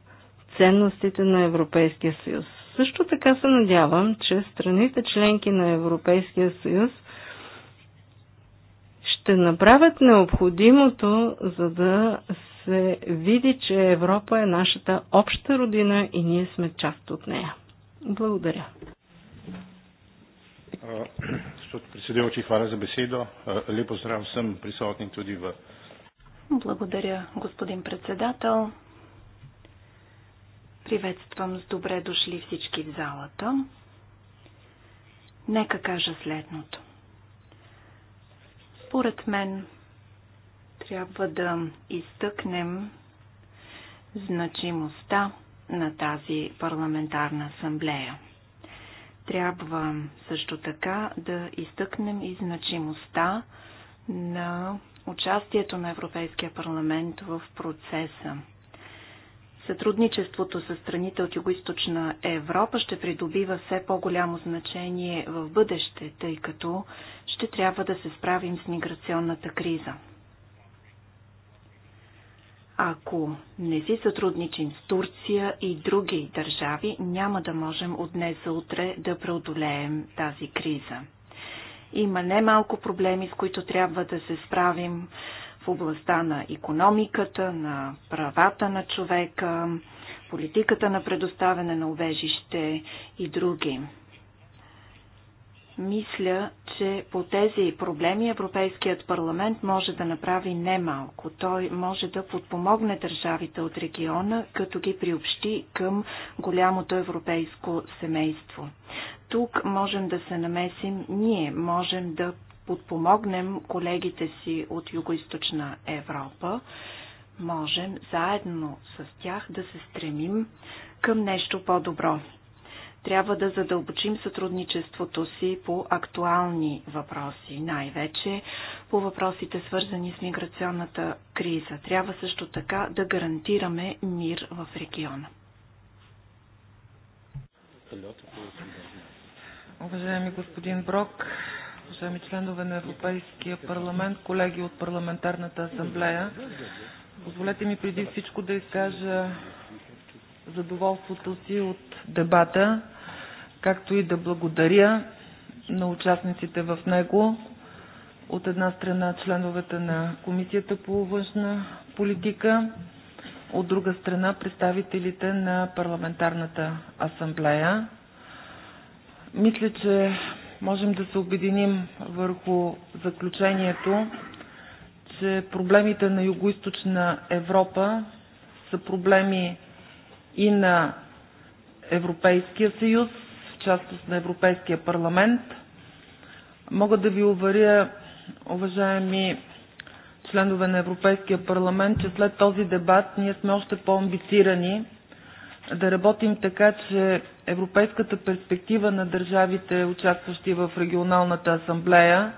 ценностите на Европейския съюз. Също така се надявам, че страните членки на Европейския съюз – ще направят необходимото, за да се види, че Европа е нашата обща родина и ние сме част от нея. Благодаря. Gospod predsedujoči, hvala za besedo. Lep pozdrav vsem prisotnim tudi Благодаря, господин председател. Приветствам с добре дошли всички в залата. Нека кажа следното. Според мен трябва да изтъкнем значимостта на тази парламентарна асамблея. Трябва също така да изтъкнем и значимостта на участието на Европейския парламент в процеса. Сътрудничеството с страните от Юго-Источна Европа ще придобива все по-голямо значение в бъдеще, тъй като ще трябва да се справим с миграционната криза. Ако не си сътрудничим с Турция и други държави, няма да можем от днес за утре да преодолеем тази криза. Има немалко проблеми, с които трябва да се справим в областта на економиката, на правата на човека, политиката на предоставяне на увежище и други. Мисля, че по тези проблеми Европейският парламент може да направи немалко. Той може да подпомогне държавите от региона, като ги приобщи към голямото европейско семейство. Тук можем да се намесим ние, можем да подпомогнем колегите си от Юго-Источна Европа, можем заедно с тях да се стремим към нещо по-добро. Трябва да задълбочим сътрудничеството си по актуални въпроси, най-вече по въпросите свързани с миграционната криза. Трябва също така да гарантираме мир в региона. Уважаеми господин Брок, уважаеми членове на Европейския парламент, колеги от Парламентарната асамблея! Позволете ми преди всичко да изкажа задоволството си от дебата, както и да благодаря на участниците в него. От една страна членовете на Комисията по външна политика, от друга страна представителите на Парламентарната асамблея. Мисля, че можем да се обединим върху заключението, че проблемите на Югоизточна Европа са проблеми и на Европейския съюз, в частност на Европейския парламент. Мога да ви уверя, уважаеми членове на Европейския парламент, че след този дебат ние сме още по-амбицирани да работим така, че европейската перспектива на държавите, участващи в Регионалната асамблея,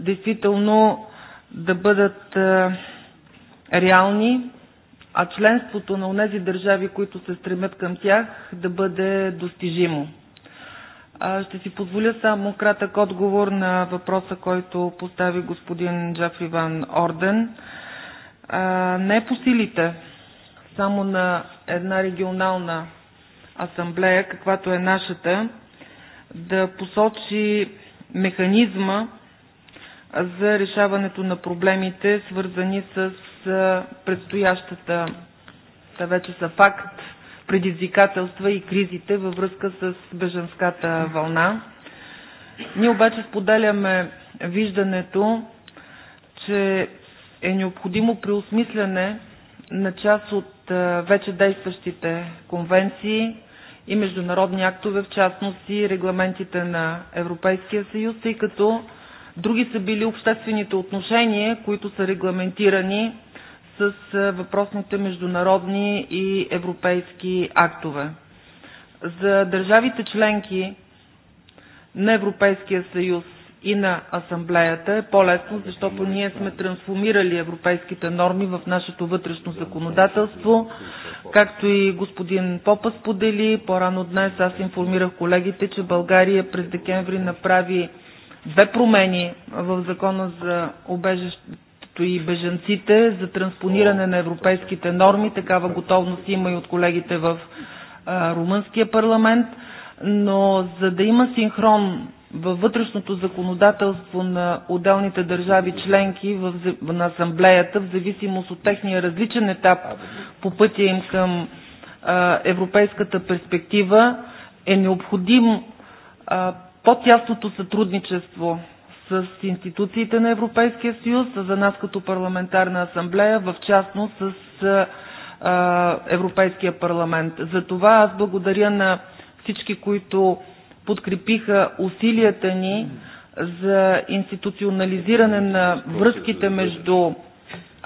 действително да бъдат е, реални, а членството на онези държави, които се стремят към тях, да бъде достижимо. Ще си позволя само кратък отговор на въпроса, който постави господин Джаф Иван Орден. Не по силите само на една регионална асамблея, каквато е нашата, да посочи механизма за решаването на проблемите, свързани с предстоящата, да вече са факт, предизвикателства и кризите във връзка с беженската вълна. Ние обаче споделяме виждането, че е необходимо преосмисляне на част от е, вече действащите конвенции и международни актове, в частност и регламентите на Европейския съюз, тъй като други са били обществените отношения, които са регламентирани с е, въпросните международни и европейски актове. За държавите – членки на Европейския съюз, и на Асамблеята е по-лесно, защото ние сме трансформирали европейските норми в нашето вътрешно законодателство. Както и господин Попа сподели, по-рано днес аз информирах колегите, че България през декември направи две промени в Закона за обежището и беженците за транспониране на европейските норми. Такава готовност има и от колегите в румънския парламент. Но за да има синхрон във вътрешното законодателство на отделните държави членки на Асамблеята, в зависимост от техния различен етап по пътя им към европейската перспектива, е необходим по-тясното сътрудничество с институциите на Европейския съюз, за нас като парламентарна асамблея, в частност с Европейския парламент. За това аз благодаря на всички, които подкрепиха усилията ни за институционализиране на връзките между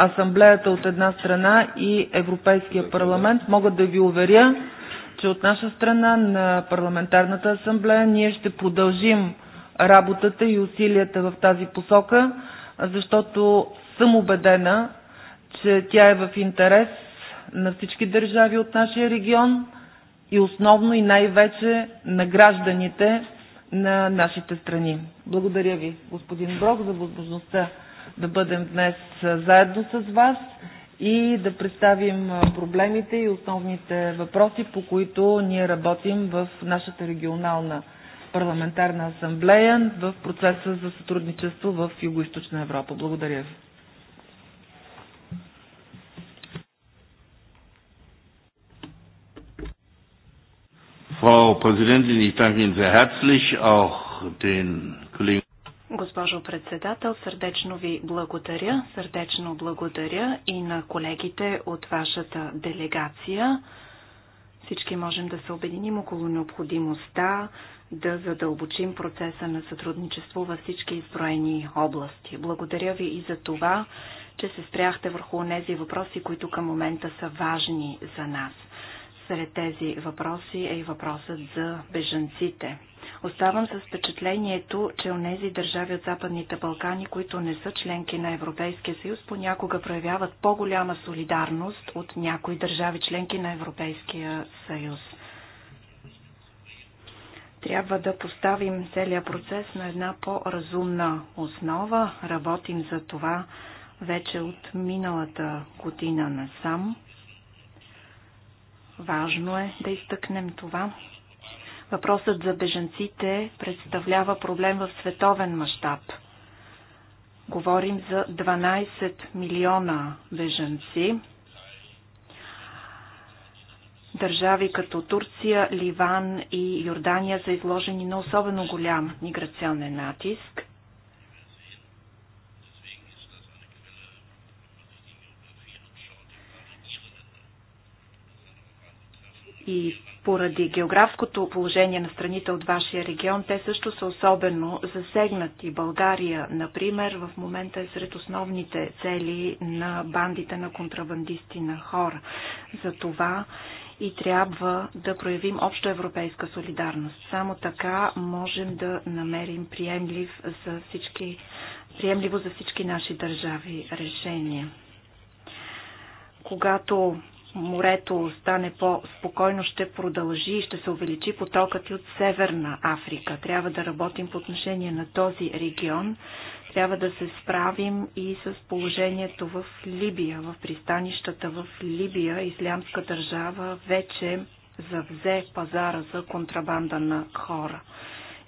Асамблеята, от една страна, и Европейския парламент. Мога да Ви уверя, че от наша страна на Парламентарната асамблея ние ще продължим работата и усилията в тази посока, защото съм убедена, че тя е в интерес на всички държави от нашия регион, и основно и най-вече на гражданите на нашите страни. Благодаря Ви, господин Брок, за възможността да бъдем днес заедно с Вас и да представим проблемите и основните въпроси, по които ние работим в нашата регионална парламентарна асамблея в процеса за сътрудничество в Югоизточна Европа. Благодаря ви. Frau Präsidentin, ich danke Ihnen sehr herzlich, auch den Kollegen. Госпожо председател, сърдечно ви благодаря. Сърдечно благодаря и на колегите от вашата делегация. Всички можем да се обединим около необходимостта да задълбочим процеса на сътрудничество във всички изброени области. Благодаря ви и за това, че се спряхте върху тези въпроси, които към момента са важни за нас. Сред тези въпроси е и въпросът за бежанците. Оставам с впечатлението, че у нези държави от Западните Балкани, които не са членки на Европейския съюз, понякога проявяват по-голяма солидарност от някои държави членки на Европейския съюз. Трябва да поставим целия процес на една по-разумна основа. Работим за това вече от миналата година насам. Важно е да изтъкнем това. Въпросът за бежанците представлява проблем в световен мащаб. Говорим за 12 милиона бежанци. Държави като Турция, Ливан и Йордания са изложени на особено голям миграционен натиск. и поради географското положение на страните от вашия регион, те също са особено засегнати. България, например, в момента е сред основните цели на бандите на контрабандисти на хора. За това и трябва да проявим общо европейска солидарност. Само така можем да намерим приемлив за всички, приемливо за всички наши държави решение. Когато морето стане по-спокойно, ще продължи и ще се увеличи потокът и от Северна Африка. Трябва да работим по отношение на този регион. Трябва да се справим и с положението в Либия. В пристанищата в Либия Ислямска държава вече завзе пазара за контрабанда на хора.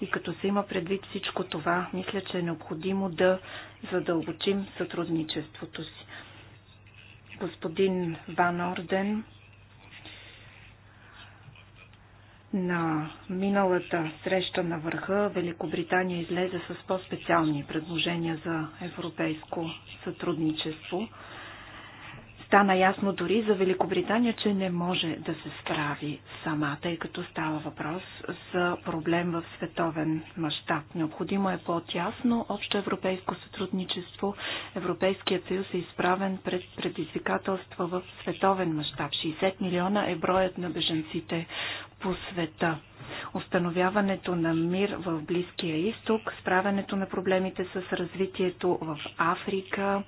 И като се има предвид всичко това, мисля, че е необходимо да задълбочим сътрудничеството си господин Ван Орден на миналата среща на върха Великобритания излезе с по-специални предложения за европейско сътрудничество. Стана ясно дори за Великобритания, че не може да се справи сама, тъй като става въпрос за проблем в световен мащаб. Необходимо е по-тясно общо европейско сътрудничество. Европейският съюз е изправен пред предизвикателства в световен мащаб. 60 милиона е броят на беженците по света. Установяването на мир в Близкия изток, справянето на проблемите с развитието в Африка,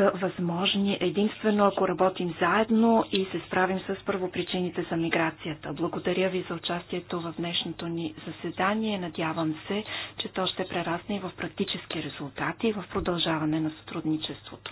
са възможни единствено ако работим заедно и се справим с първопричините за миграцията. Благодаря ви за участието в днешното ни заседание. Надявам се, че то ще прерасне и в практически резултати в продължаване на сътрудничеството.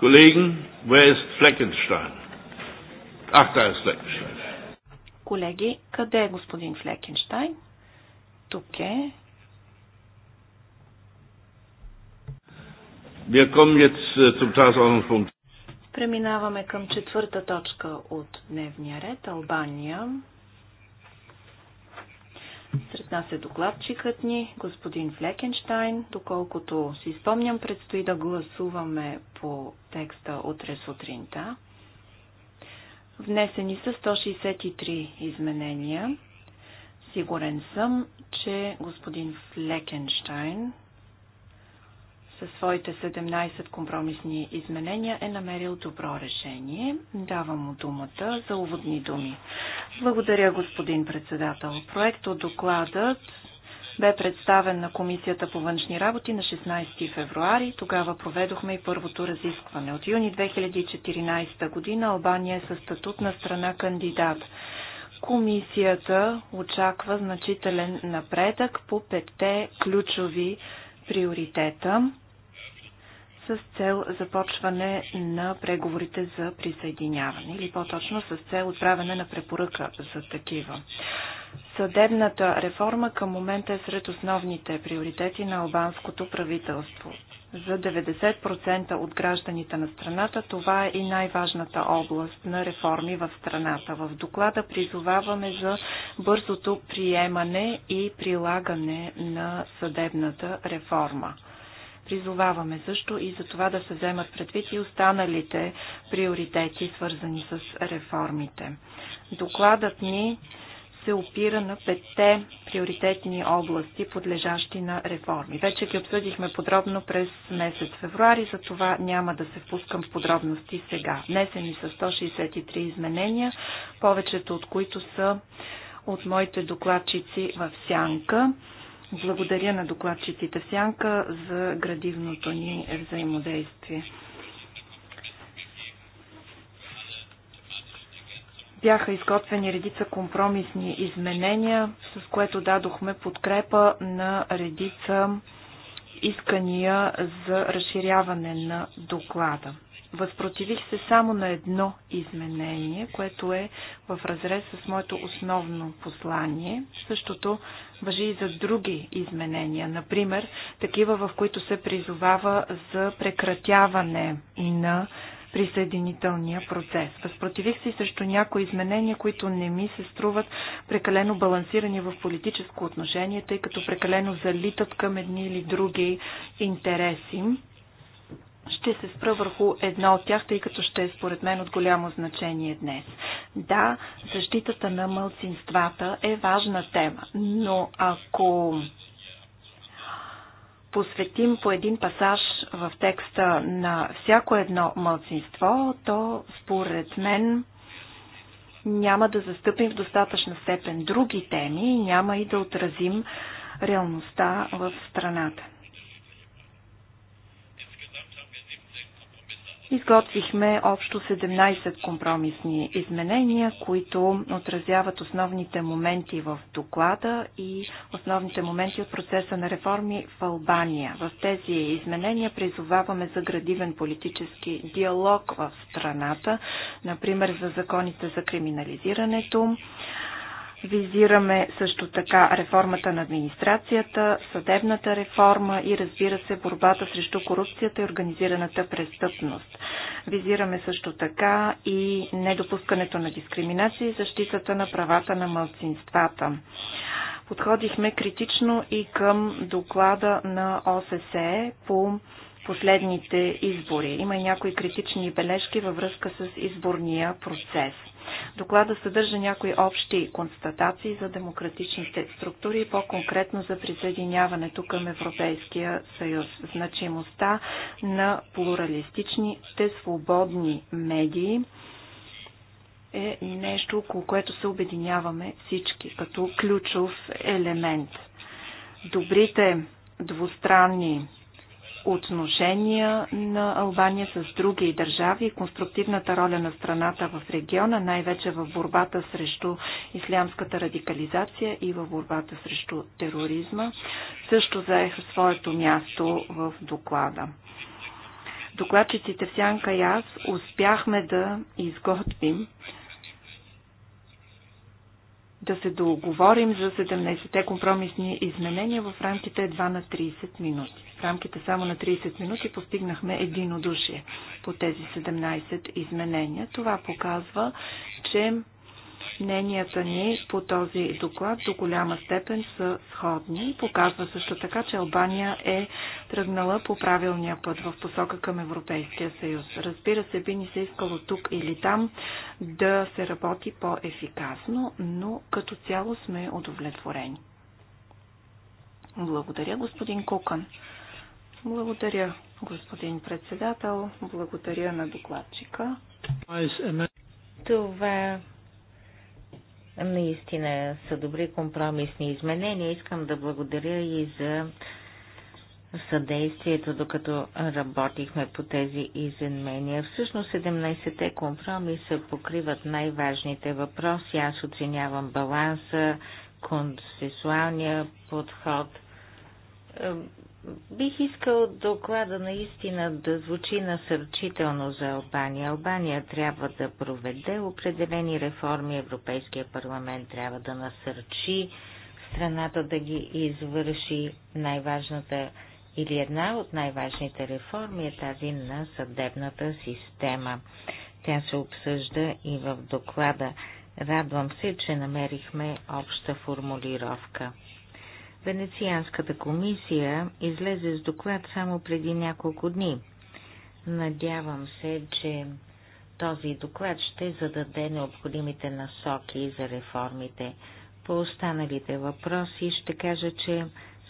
Kollegen, where ist Fleckenstein? Ах, да, е Fleckenstein? Колеги, къде е господин Флекенштайн? Тук е. Äh, Преминаваме към четвърта точка от дневния ред Албания нас е докладчикът ни, господин Флекенштайн. Доколкото си спомням, предстои да гласуваме по текста утре сутринта. Внесени са 163 изменения. Сигурен съм, че господин Флекенштайн със своите 17 компромисни изменения е намерил добро решение. Давам му думата за уводни думи. Благодаря, господин председател. Проектът докладът бе представен на Комисията по външни работи на 16 февруари. Тогава проведохме и първото разискване. От юни 2014 година Албания е със статут на страна кандидат. Комисията очаква значителен напредък по петте ключови приоритета с цел започване на преговорите за присъединяване или по-точно с цел отправяне на препоръка за такива. Съдебната реформа към момента е сред основните приоритети на албанското правителство. За 90% от гражданите на страната това е и най-важната област на реформи в страната. В доклада призоваваме за бързото приемане и прилагане на съдебната реформа. Призоваваме също и за това да се вземат предвид и останалите приоритети, свързани с реформите. Докладът ни се опира на петте приоритетни области, подлежащи на реформи. Вече ги обсъдихме подробно през месец февруари, за това няма да се впускам в подробности сега. Внесени са 163 изменения, повечето от които са от моите докладчици в сянка. Благодаря на докладчиците Сянка за градивното ни взаимодействие. Бяха изготвени редица компромисни изменения, с което дадохме подкрепа на редица искания за разширяване на доклада. Възпротивих се само на едно изменение, което е в разрез с моето основно послание. Същото въжи и за други изменения, например такива, в които се призовава за прекратяване на присъединителния процес. Възпротивих се и срещу някои изменения, които не ми се струват прекалено балансирани в политическо отношение, тъй като прекалено залитат към едни или други интереси. Ще се спра върху едно от тях, тъй като ще е според мен от голямо значение днес. Да, защитата на мълцинствата е важна тема, но ако посветим по един пасаж в текста на всяко едно мълцинство, то според мен няма да застъпим в достатъчна степен други теми и няма и да отразим реалността в страната. Изготвихме общо 17 компромисни изменения, които отразяват основните моменти в доклада и основните моменти от процеса на реформи в Албания. В тези изменения призоваваме за градивен политически диалог в страната, например за законите за криминализирането, Визираме също така реформата на администрацията, съдебната реформа и разбира се борбата срещу корупцията и организираната престъпност. Визираме също така и недопускането на дискриминация и защитата на правата на мълцинствата. Подходихме критично и към доклада на ОССЕ по последните избори. Има и някои критични бележки във връзка с изборния процес. Доклада съдържа някои общи констатации за демократичните структури и по-конкретно за присъединяването към Европейския съюз. Значимостта на плуралистичните свободни медии е нещо, около което се обединяваме всички като ключов елемент. Добрите двустранни отношения на Албания с други държави конструктивната роля на страната в региона, най-вече в борбата срещу ислямската радикализация и в борбата срещу тероризма, също заеха своето място в доклада. Докладчиците в Сянка и аз успяхме да изготвим да се договорим за 17-те компромисни изменения в рамките 2 на 30 минути. В рамките само на 30 минути постигнахме единодушие по тези 17 изменения. Това показва, че Мненията ни по този доклад до голяма степен са сходни. Показва също така, че Албания е тръгнала по правилния път в посока към Европейския съюз. Разбира се, би ни се искало тук или там да се работи по-ефикасно, но като цяло сме удовлетворени. Благодаря, господин Кукан. Благодаря, господин председател. Благодаря на докладчика. Това е Наистина са добри компромисни изменения. Искам да благодаря и за съдействието, докато работихме по тези изменения. Всъщност 17-те компромиса покриват най-важните въпроси. Аз оценявам баланса, консесуалния подход – Бих искал доклада наистина да звучи насърчително за Албания. Албания трябва да проведе определени реформи, Европейския парламент трябва да насърчи страната да ги извърши. Най-важната или една от най-важните реформи е тази на съдебната система. Тя се обсъжда и в доклада. Радвам се, че намерихме обща формулировка. Венецианската комисия излезе с доклад само преди няколко дни. Надявам се, че този доклад ще зададе необходимите насоки за реформите. По останалите въпроси ще кажа, че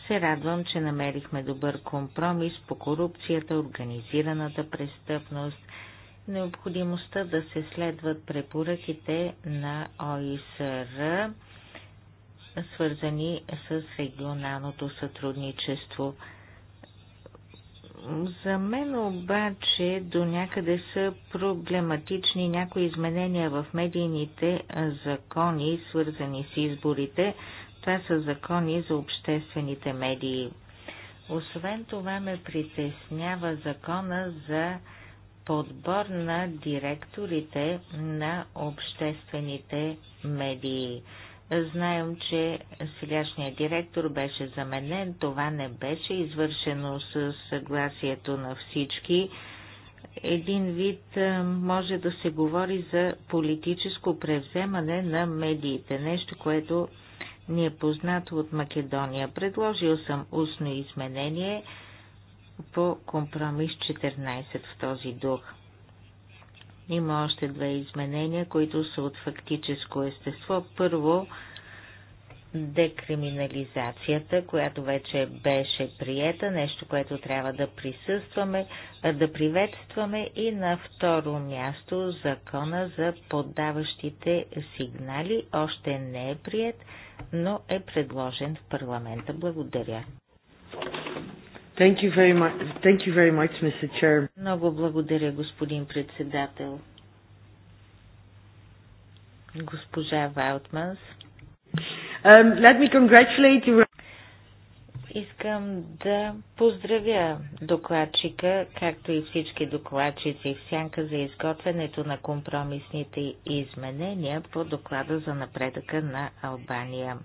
се радвам, че намерихме добър компромис по корупцията, организираната престъпност, необходимостта да се следват препоръките на ОИСР свързани с регионалното сътрудничество. За мен обаче до някъде са проблематични някои изменения в медийните закони, свързани с изборите. Това са закони за обществените медии. Освен това ме притеснява закона за подбор на директорите на обществените медии. Знаем, че сегашният директор беше заменен. Това не беше извършено с съгласието на всички. Един вид може да се говори за политическо превземане на медиите, нещо, което ни е познато от Македония. Предложил съм устно изменение по компромис 14 в този дух. Има още две изменения, които са от фактическо естество. Първо, декриминализацията, която вече беше приета, нещо, което трябва да присъстваме, да приветстваме и на второ място закона за подаващите сигнали още не е прият, но е предложен в парламента. Благодаря. Thank you very much, thank you very much Mr. Chair. Много благодаря, господин председател. Госпожа Вайлтманс. Um, let me congratulate you. Искам да поздравя докладчика, както и всички докладчици в сянка за изготвянето на компромисните изменения по доклада за напредъка на Албания.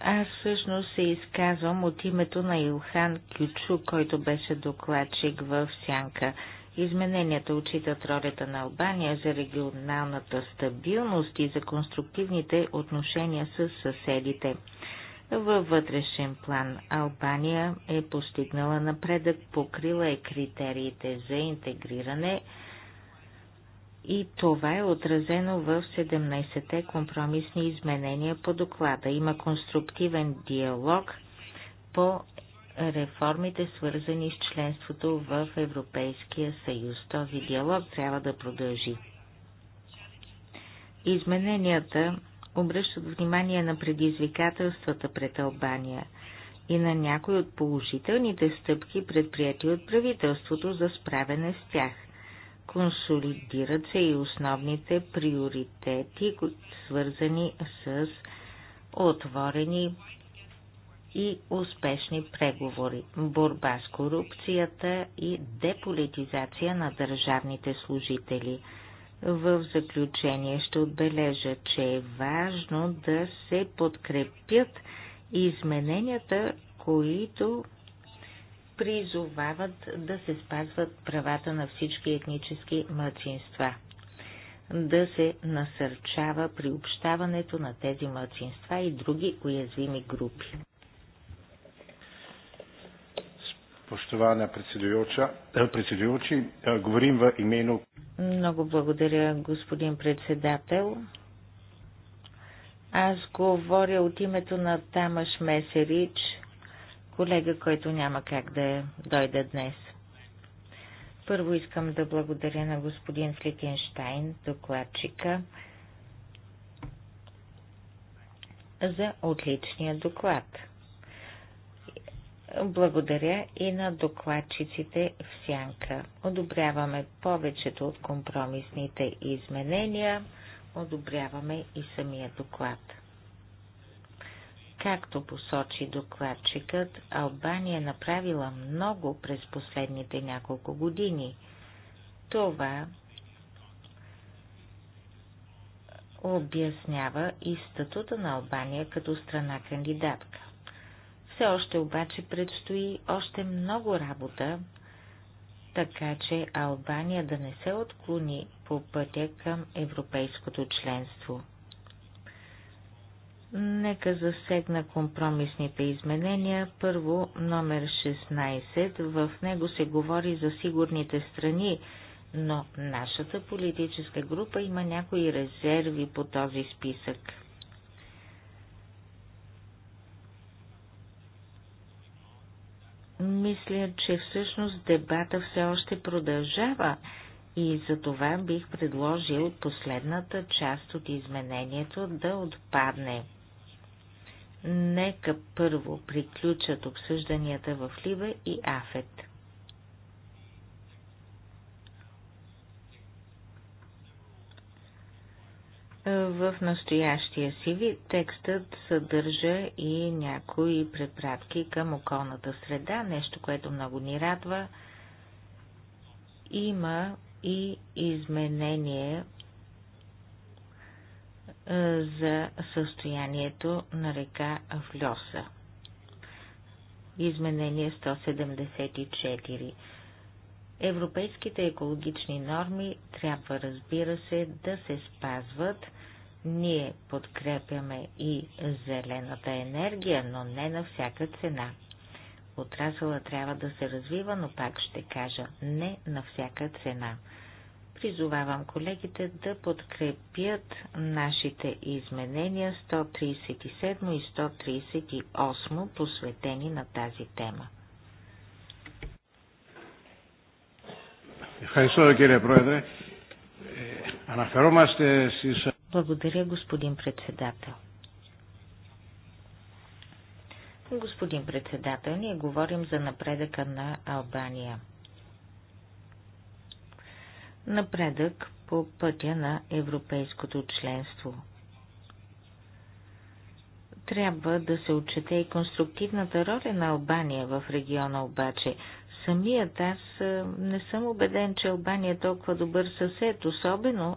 Аз всъщност се изказвам от името на Илхан Кючу, който беше докладчик в Сянка. Измененията отчитат ролята на Албания за регионалната стабилност и за конструктивните отношения с съседите. Във вътрешен план Албания е постигнала напредък, покрила е критериите за интегриране – и това е отразено в 17-те компромисни изменения по доклада. Има конструктивен диалог по реформите, свързани с членството в Европейския съюз. Този диалог трябва да продължи. Измененията обръщат внимание на предизвикателствата пред Албания и на някои от положителните стъпки, предприяти от правителството за справяне с тях консолидират се и основните приоритети, свързани с отворени и успешни преговори, борба с корупцията и деполитизация на държавните служители. В заключение ще отбележа, че е важно да се подкрепят измененията, които призовават да се спазват правата на всички етнически младсинства, да се насърчава приобщаването на тези младсинства и други уязвими групи. Spoštovana predsedujoči, е, е, говорим в имено... Много благодаря, господин председател. Аз говоря от името на Тамаш Месерич, колега, който няма как да дойде днес. Първо искам да благодаря на господин Фликенштайн, докладчика, за отличния доклад. Благодаря и на докладчиците в сянка. Одобряваме повечето от компромисните изменения, одобряваме и самия доклад. Както посочи докладчикът, Албания е направила много през последните няколко години. Това обяснява и статута на Албания като страна кандидатка. Все още обаче предстои още много работа, така че Албания да не се отклони по пътя към европейското членство – Нека засегна компромисните изменения. Първо, номер 16. В него се говори за сигурните страни, но нашата политическа група има някои резерви по този списък. Мисля, че всъщност дебата все още продължава и за това бих предложил последната част от изменението да отпадне – нека първо приключат обсъжданията в Либе и Афет. В настоящия си вид текстът съдържа и някои препратки към околната среда, нещо, което много ни радва. Има и изменение е, за състоянието на река Влоса. Изменение 174. Европейските екологични норми трябва, разбира се, да се спазват. Ние подкрепяме и зелената енергия, но не на всяка цена. Отрасъла трябва да се развива, но пак ще кажа, не на всяка цена. Призовавам колегите да подкрепят нашите изменения 137 и 138, посветени на тази тема. Благодаря, господин председател. Господин председател, ние говорим за напредъка на Албания напредък по пътя на европейското членство. Трябва да се отчете и конструктивната роля на Албания в региона обаче. Самият аз не съм убеден, че Албания е толкова добър съсед, особено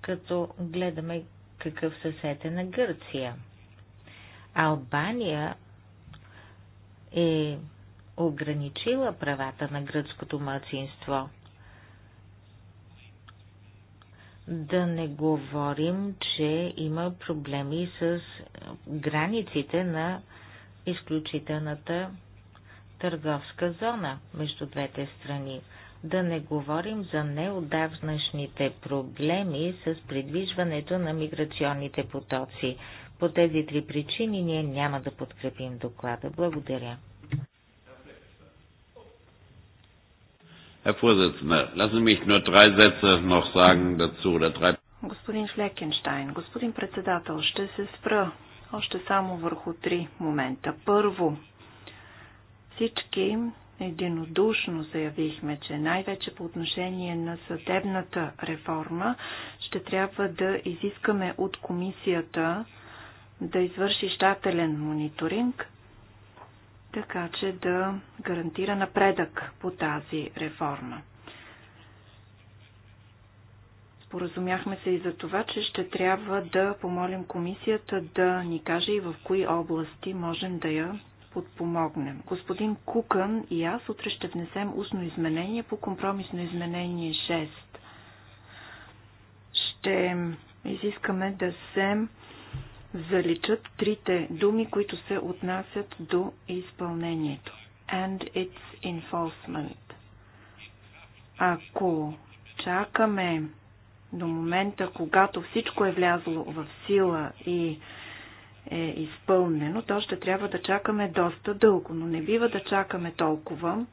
като гледаме какъв съсед е на Гърция. Албания е ограничила правата на гръцкото младсинство – Да не говорим, че има проблеми с границите на изключителната търговска зона между двете страни. Да не говорим за неодавнашните проблеми с придвижването на миграционните потоци. По тези три причини ние няма да подкрепим доклада. Благодаря. Herr Vorsitzender, lassen Sie mich nur drei Sätze noch sagen dazu oder drei. Господин Флекенштайн, господин председател, ще се спра още само върху три момента. Първо, всички единодушно заявихме, че най-вече по отношение на съдебната реформа ще трябва да изискаме от комисията да извърши щателен мониторинг, така че да гарантира напредък по тази реформа. Споразумяхме се и за това, че ще трябва да помолим комисията да ни каже и в кои области можем да я подпомогнем. Господин Кукън и аз утре ще внесем устно изменение по компромисно изменение 6. Ще изискаме да се заличат трите думи, които се отнасят до изпълнението. And its enforcement. Ако чакаме до момента, когато всичко е влязло в сила и е изпълнено, то ще трябва да чакаме доста дълго, но не бива да чакаме толкова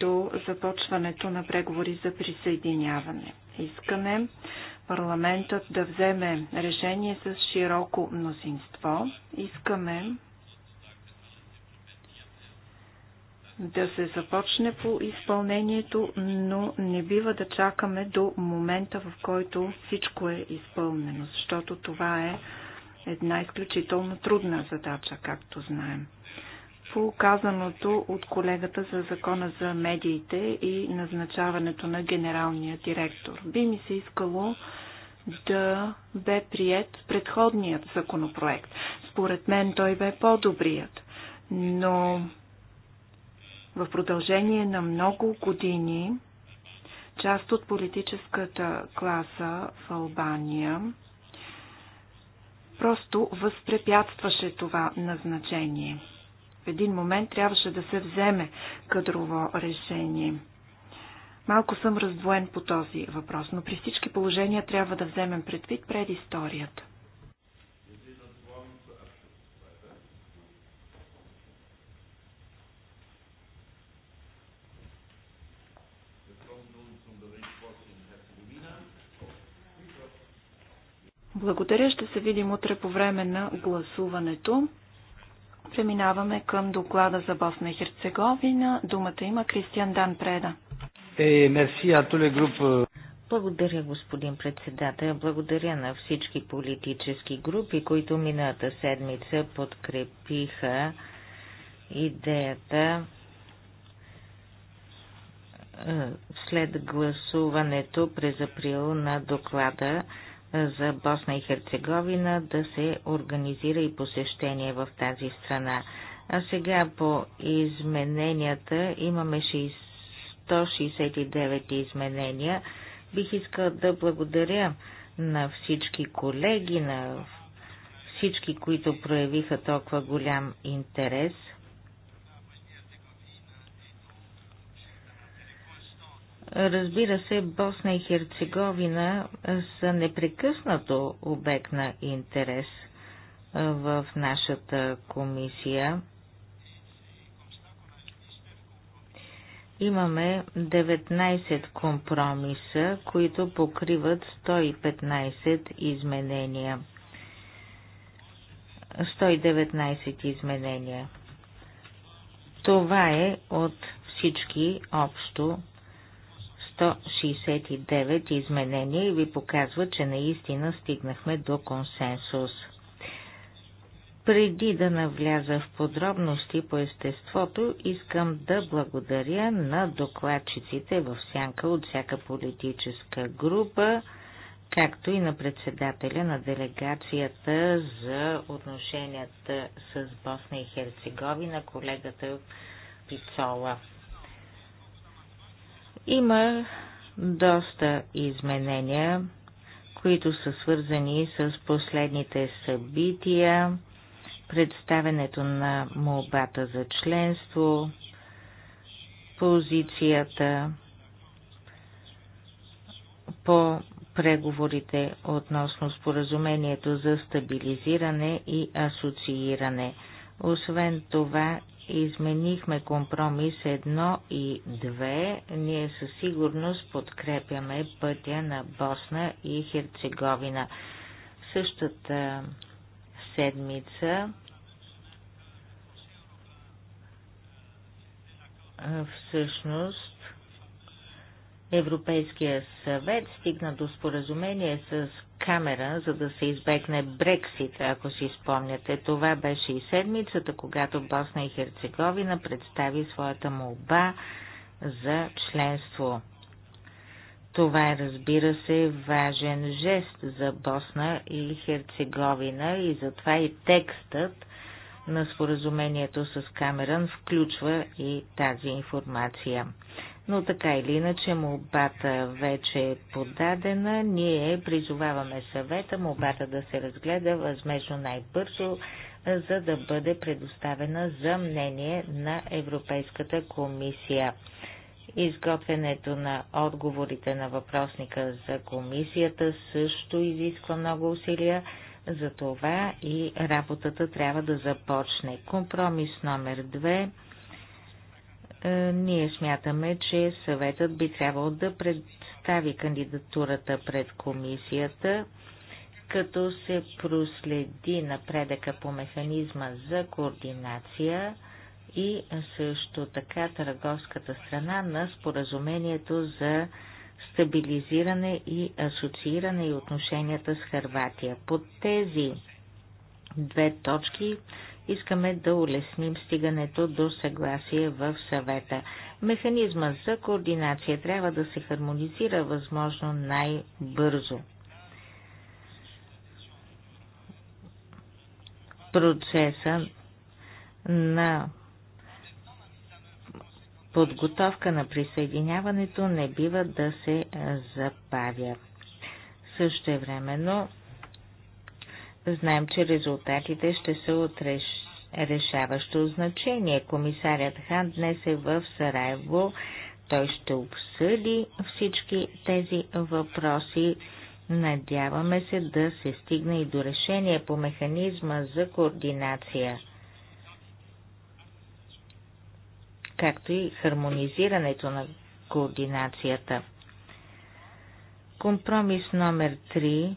до започването на преговори за присъединяване. Искаме парламентът да вземе решение с широко мнозинство. Искаме да се започне по изпълнението, но не бива да чакаме до момента, в който всичко е изпълнено, защото това е една изключително трудна задача, както знаем по казаното от колегата за закона за медиите и назначаването на генералния директор. Би ми се искало да бе прият предходният законопроект. Според мен той бе по-добрият, но в продължение на много години част от политическата класа в Албания просто възпрепятстваше това назначение. В един момент трябваше да се вземе кадрово решение. Малко съм раздвоен по този въпрос, но при всички положения трябва да вземем предвид пред историята. Благодаря, ще се видим утре по време на гласуването. Преминаваме към доклада за Босна и Херцеговина. Думата има Кристиан Дан Преда. Е, мерси, атоле груп. Е. Благодаря, господин председател. Благодаря на всички политически групи, които миналата седмица подкрепиха идеята е, след гласуването през април на доклада за Босна и Херцеговина да се организира и посещение в тази страна. А сега по измененията имаме 169 изменения. Бих искал да благодаря на всички колеги, на всички, които проявиха толкова голям интерес – Разбира се, Босна и Херцеговина са непрекъснато обект на интерес в нашата комисия. Имаме 19 компромиса, които покриват 115 изменения. 119 изменения. Това е от всички общо 169 изменения и ви показва, че наистина стигнахме до консенсус. Преди да навляза в подробности по естеството, искам да благодаря на докладчиците в сянка от всяка политическа група, както и на председателя на делегацията за отношенията с Босна и Херцеговина, колегата Пицола. Има доста изменения, които са свързани с последните събития, представенето на молбата за членство, позицията по преговорите относно споразумението за стабилизиране и асоцииране. Освен това изменихме компромис 1 и 2, ние със сигурност подкрепяме пътя на Босна и Херцеговина. Същата седмица всъщност Европейския съвет стигна до споразумение с Камера, за да се избегне Брексит, ако си спомняте. Това беше и седмицата, когато Босна и Херцеговина представи своята молба за членство. Това е, разбира се, важен жест за Босна и Херцеговина и затова и текстът на споразумението с Камерън включва и тази информация но така или иначе молбата вече е подадена. Ние призоваваме съвета молбата да се разгледа възможно най-бързо, за да бъде предоставена за мнение на Европейската комисия. Изготвянето на отговорите на въпросника за комисията също изисква много усилия, за това и работата трябва да започне. Компромис номер 2 е, ние смятаме, че съветът би трябвало да представи кандидатурата пред комисията, като се проследи напредъка по механизма за координация и също така търговската страна на споразумението за стабилизиране и асоцииране и отношенията с Харватия. По тези две точки Искаме да улесним стигането до съгласие в съвета. Механизмът за координация трябва да се хармонизира възможно най-бързо. Процеса на подготовка на присъединяването не бива да се забавя. Също времено знаем, че резултатите ще се отреш решаващо значение. Комисарят Хан днес е в Сараево. Той ще обсъди всички тези въпроси. Надяваме се да се стигне и до решение по механизма за координация, както и хармонизирането на координацията. Компромис номер 3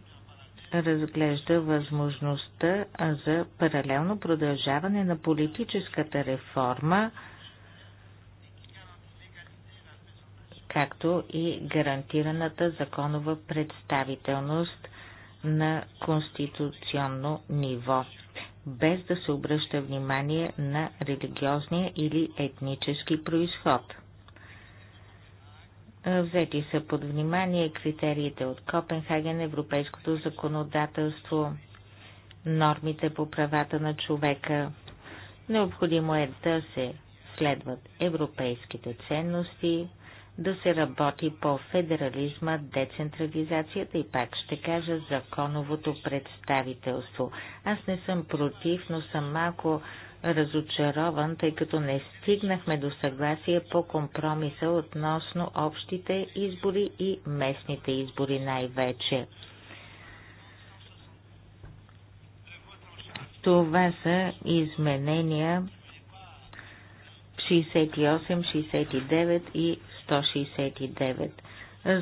разглежда възможността за паралелно продължаване на политическата реформа, както и гарантираната законова представителност на конституционно ниво, без да се обръща внимание на религиозния или етнически происход – Взети са под внимание критериите от Копенхаген, европейското законодателство, нормите по правата на човека. Необходимо е да се следват европейските ценности, да се работи по федерализма, децентрализацията и пак ще кажа законовото представителство. Аз не съм против, но съм малко разочарован, тъй като не стигнахме до съгласие по компромиса относно общите избори и местните избори най-вече. Това са изменения 68, 69 и 169.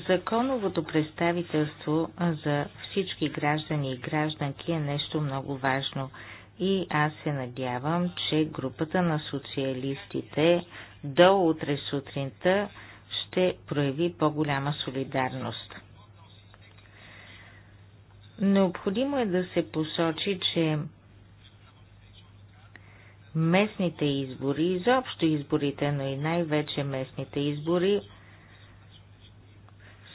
Законовото представителство за всички граждани и гражданки е нещо много важно – и аз се надявам, че групата на социалистите до утре сутринта ще прояви по-голяма солидарност. Необходимо е да се посочи, че местните избори, изобщо изборите, но и най-вече местните избори,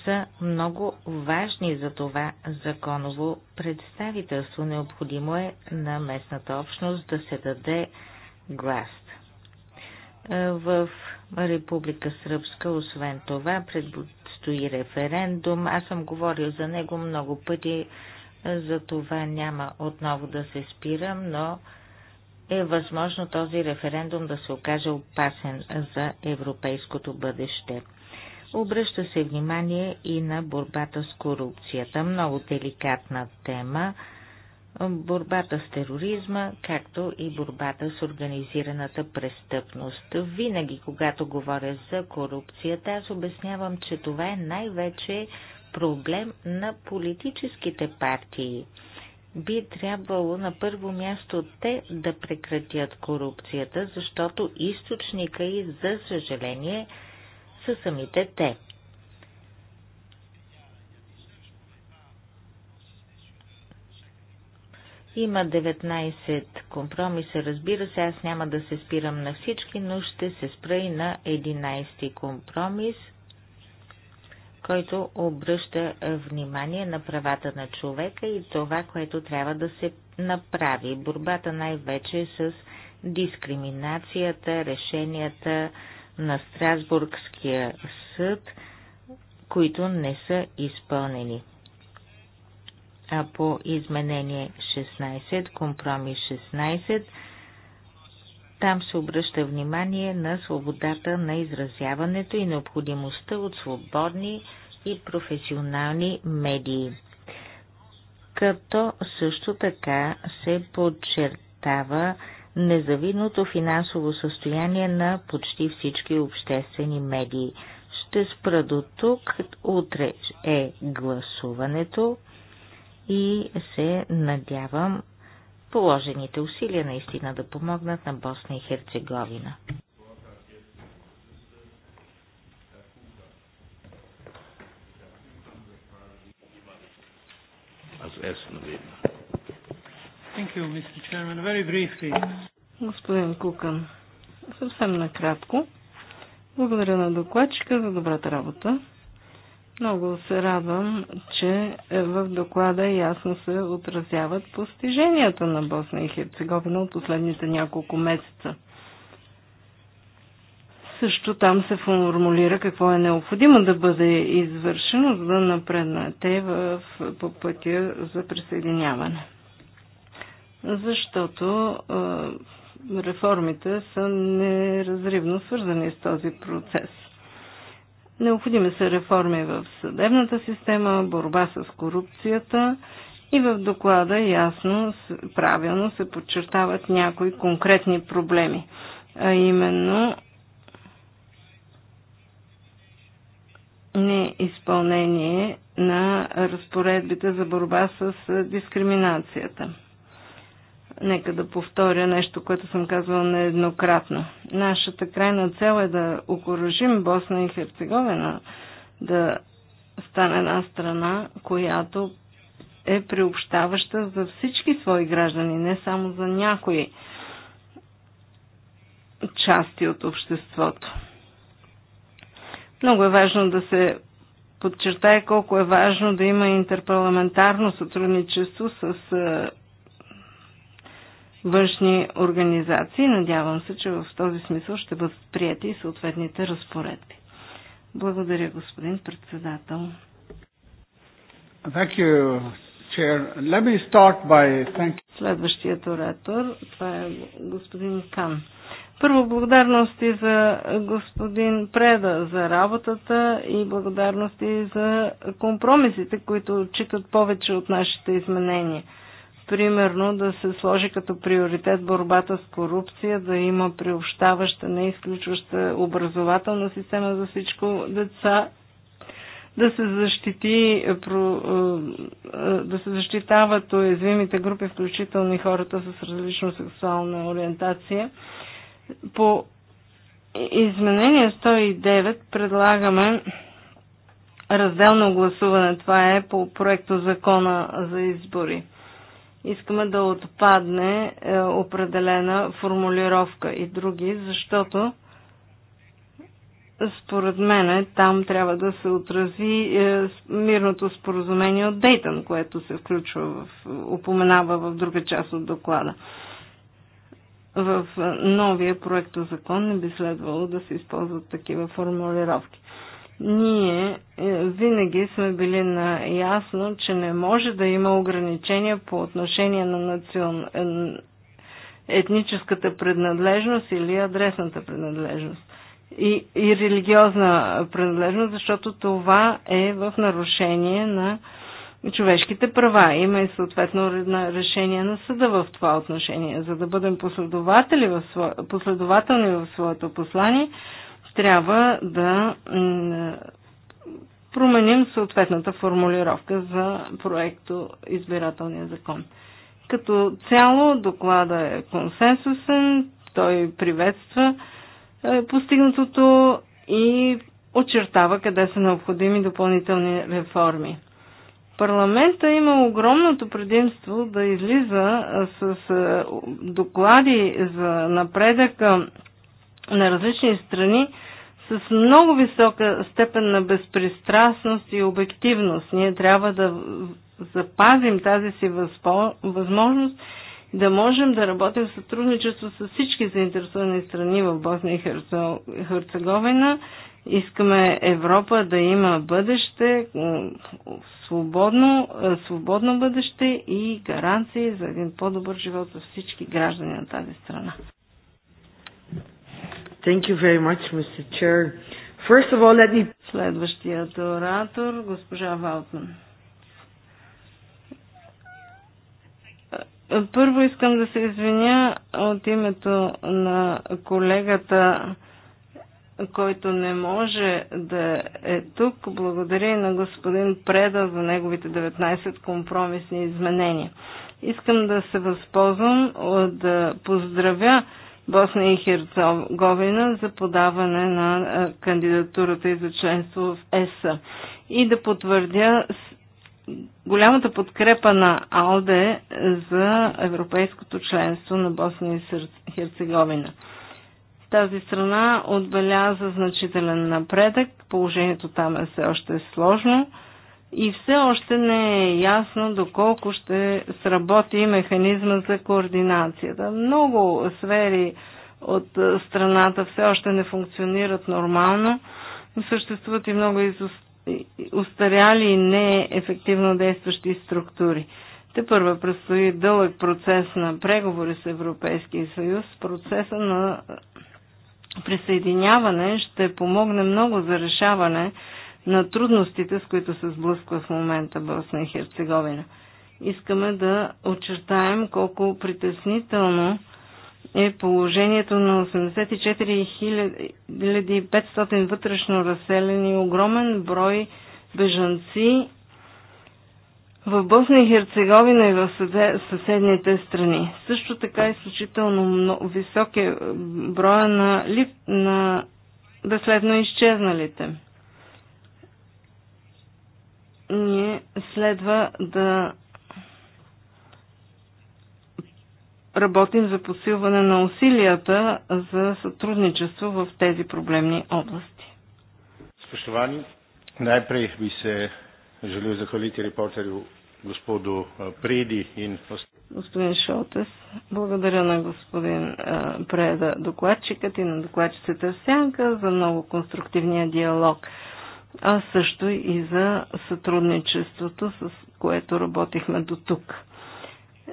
са много важни за това законово представителство. Необходимо е на местната общност да се даде глас. Е, в Република Сръбска, освен това, предстои референдум. Аз съм говорил за него много пъти, е, за това няма отново да се спирам, но е възможно този референдум да се окаже опасен за европейското бъдеще. Обръща се внимание и на борбата с корупцията. Много деликатна тема. Борбата с тероризма, както и борбата с организираната престъпност. Винаги, когато говоря за корупцията, аз обяснявам, че това е най-вече проблем на политическите партии. Би трябвало на първо място те да прекратят корупцията, защото източника и, за съжаление, са самите те. Има 19 компромиса, разбира се, аз няма да се спирам на всички, но ще се спра и на 11 компромис, който обръща внимание на правата на човека и това, което трябва да се направи. Борбата най-вече с дискриминацията, решенията на Страсбургския съд, които не са изпълнени. А по изменение 16, компромис 16, там се обръща внимание на свободата на изразяването и необходимостта от свободни и професионални медии. Като също така се подчертава незавидното финансово състояние на почти всички обществени медии. Ще спра до тук. Утре е гласуването и се надявам положените усилия наистина да помогнат на Босна и Херцеговина. Als ersten Redner. Thank you, Mr. Chairman. Very briefly. Господин Кукан, съвсем накратко. Благодаря на докладчика за добрата работа. Много се радвам, че в доклада ясно се отразяват постиженията на Босна и Херцеговина от последните няколко месеца. Също там се формулира какво е необходимо да бъде извършено, за да напреднете в, по пътя за присъединяване защото реформите са неразривно свързани с този процес. Необходими са реформи в съдебната система, борба с корупцията и в доклада ясно, правилно се подчертават някои конкретни проблеми, а именно неизпълнение на разпоредбите за борба с дискриминацията. Нека да повторя нещо, което съм казвала нееднократно. Нашата крайна цел е да окоръжим Босна и Херцеговина да стане една страна, която е приобщаваща за всички свои граждани, не само за някои части от обществото. Много е важно да се подчертае колко е важно да има интерпарламентарно сътрудничество с е, външни организации. Надявам се, че в този смисъл ще бъдат прияти и съответните разпоредби. Благодаря, господин председател. Thank you, chair. Let me start by thank Следващият оратор, това е господин Кан. Първо благодарности за господин Преда за работата и благодарности за компромисите, които отчитат повече от нашите изменения примерно да се сложи като приоритет борбата с корупция, да има приобщаваща, не изключваща образователна система за всичко деца, да се защити, е, е, да се защитават уязвимите групи, включително и хората с различна сексуална ориентация. По изменение 109 предлагаме разделно гласуване. Това е по проекто закона за избори искаме да отпадне е, определена формулировка и други, защото според мен там трябва да се отрази е, мирното споразумение от Дейтън, което се включва в, упоменава в друга част от доклада. В е, новия проекто закон не би следвало да се използват такива формулировки. Ние е, винаги сме били наясно, че не може да има ограничения по отношение на национ... Е, етническата принадлежност или адресната принадлежност и, и религиозна принадлежност, защото това е в нарушение на човешките права. Има и съответно решение на съда в това отношение. За да бъдем последователи в своя, последователни в своето послание, трябва да променим съответната формулировка за проекто избирателния закон. Като цяло доклада е консенсусен, той приветства е, постигнатото и очертава къде са необходими допълнителни реформи. Парламента има огромното предимство да излиза с е, доклади за напредъка на различни страни с много висока степен на безпристрастност и обективност. Ние трябва да запазим тази си възможност да можем да работим в сътрудничество с всички заинтересовани страни в Босния и Херцеговина. Искаме Европа да има бъдеще, свободно, е, свободно бъдеще и гаранции за един по-добър живот за всички граждани на тази страна. Thank you very much, Mr. Chair. First of all, let me... Следващият оратор, госпожа Валтман. Първо искам да се извиня от името на колегата, който не може да е тук. Благодаря и на господин Преда за неговите 19 компромисни изменения. Искам да се възползвам да поздравя Босна и Херцеговина за подаване на кандидатурата и за членство в ЕС. И да потвърдя голямата подкрепа на АЛДЕ за европейското членство на Босна и Херцеговина. Тази страна отбеляза значителен напредък, положението там е все още сложно и все още не е ясно доколко ще сработи механизма за координацията. Много сфери от страната все още не функционират нормално. Съществуват и много устаряли и неефективно действащи структури. Те първа предстои дълъг процес на преговори с Европейския съюз. Процеса на присъединяване ще помогне много за решаване на трудностите, с които се сблъсква в момента Босна и Херцеговина. Искаме да очертаем колко притеснително е положението на 84 500 вътрешно разселени, огромен брой бежанци в Босна и Херцеговина и в съседните страни. Също така изключително много, висок е броя на, лип, на безследно изчезналите ние следва да работим за посилване на усилията за сътрудничество в тези проблемни области. Споштовани, najprej bi се želel захвалити reporterju господу Приди и Господин Шолтес, благодаря на господин Преда докладчикът и на докладчицата Сянка за много конструктивния диалог а също и за сътрудничеството, с което работихме до тук.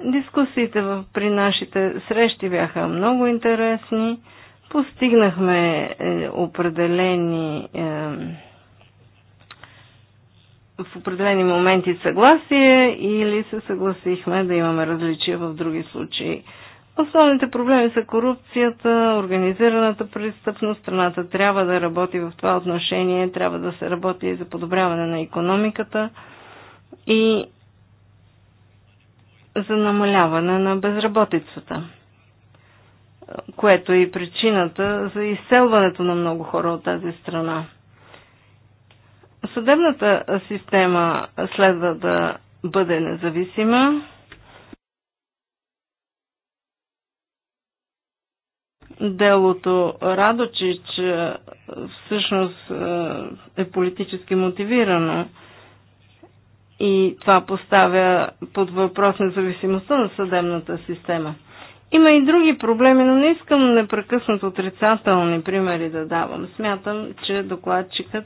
Дискусиите при нашите срещи бяха много интересни. Постигнахме е, определени е, в определени моменти съгласие или се съгласихме да имаме различия в други случаи Основните проблеми са корупцията, организираната престъпност. Страната трябва да работи в това отношение, трябва да се работи и за подобряване на економиката и за намаляване на безработицата, което е и причината за изселването на много хора от тази страна. Съдебната система следва да бъде независима, делото Радочич е, всъщност е, е политически мотивирано и това поставя под въпрос независимостта на съдебната система. Има и други проблеми, но не искам непрекъснато отрицателни примери да давам. Смятам, че докладчикът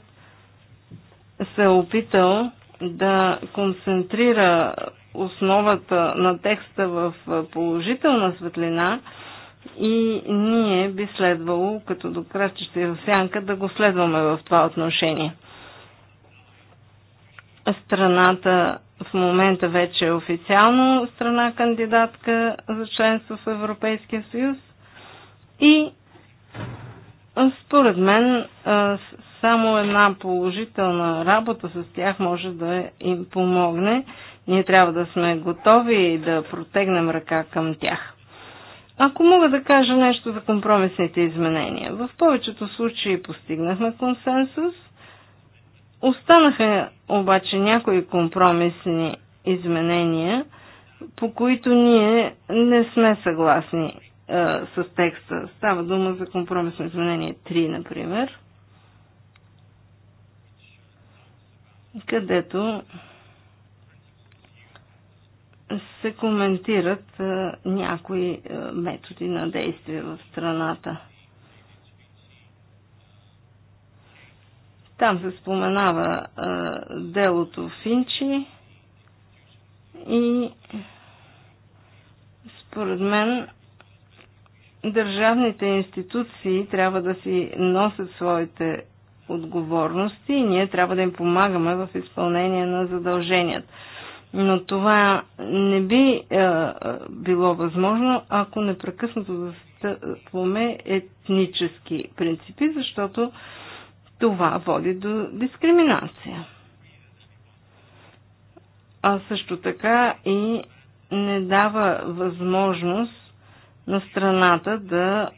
се е опитал да концентрира основата на текста в положителна светлина – и ние би следвало, като докращаща в сянка, да го следваме в това отношение. Страната в момента вече е официално страна кандидатка за членство в Европейския съюз и според мен само една положителна работа с тях може да им помогне. Ние трябва да сме готови и да протегнем ръка към тях. Ако мога да кажа нещо за компромисните изменения, в повечето случаи постигнахме консенсус, останаха обаче някои компромисни изменения, по които ние не сме съгласни е, с текста. Става дума за компромисно изменение 3, например, където се коментират някои методи на действие в страната. Там се споменава делото Финчи и според мен държавните институции трябва да си носят своите отговорности и ние трябва да им помагаме в изпълнение на задълженията. Но това не би е, е, било възможно, ако непрекъснато застъпваме етнически принципи, защото това води до дискриминация. А също така и не дава възможност на страната да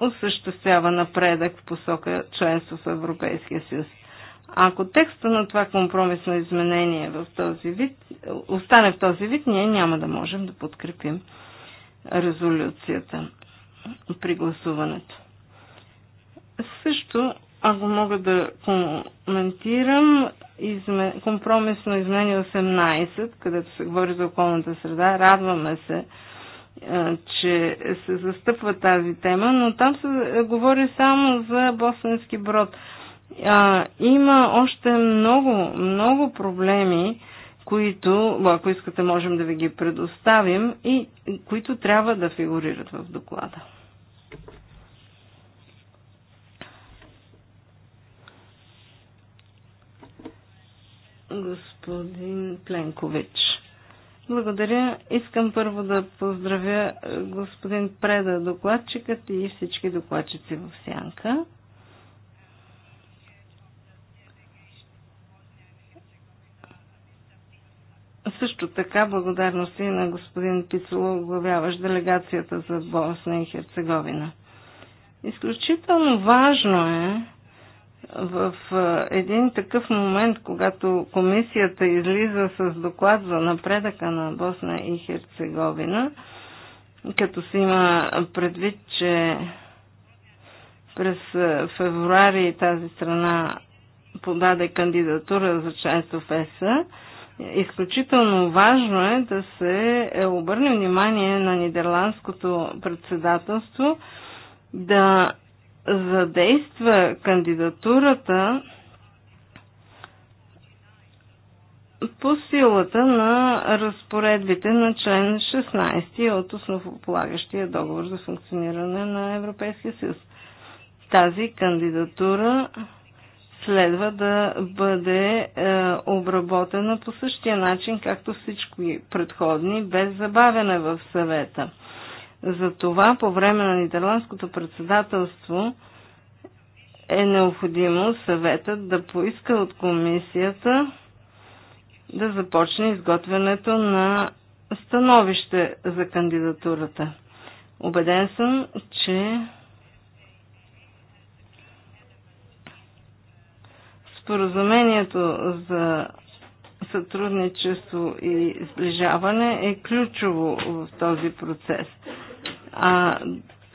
осъществява напредък в посока членство в Европейския съюз. Ако текста на това компромисно изменение е в този вид, остане в този вид, ние няма да можем да подкрепим резолюцията при гласуването. Също, ако мога да коментирам изме, компромисно изменение 18, където се говори за околната среда, радваме се, е, че се застъпва тази тема, но там се говори само за босненски брод. А, има още много, много проблеми, които, ако искате, можем да ви ги предоставим и които трябва да фигурират в доклада. господин Пленкович. Благодаря. Искам първо да поздравя господин Преда докладчикът и всички докладчици в Сянка. също така благодарности на господин Пицело, оглавяващ делегацията за Босна и Херцеговина. Изключително важно е в един такъв момент, когато комисията излиза с доклад за напредъка на Босна и Херцеговина, като се има предвид, че през февруари тази страна подаде кандидатура за членство в ЕСА, Изключително важно е да се обърне внимание на нидерландското председателство да задейства кандидатурата по силата на разпоредбите на член 16 от основополагащия договор за функциониране на Европейския съюз. Тази кандидатура следва да бъде е, обработена по същия начин, както всички предходни, без забавяне в съвета. Затова по време на нидерландското председателство е необходимо съветът да поиска от комисията да започне изготвянето на становище за кандидатурата. Обеден съм, че Споразумението за сътрудничество и сближаване е ключово в този процес. А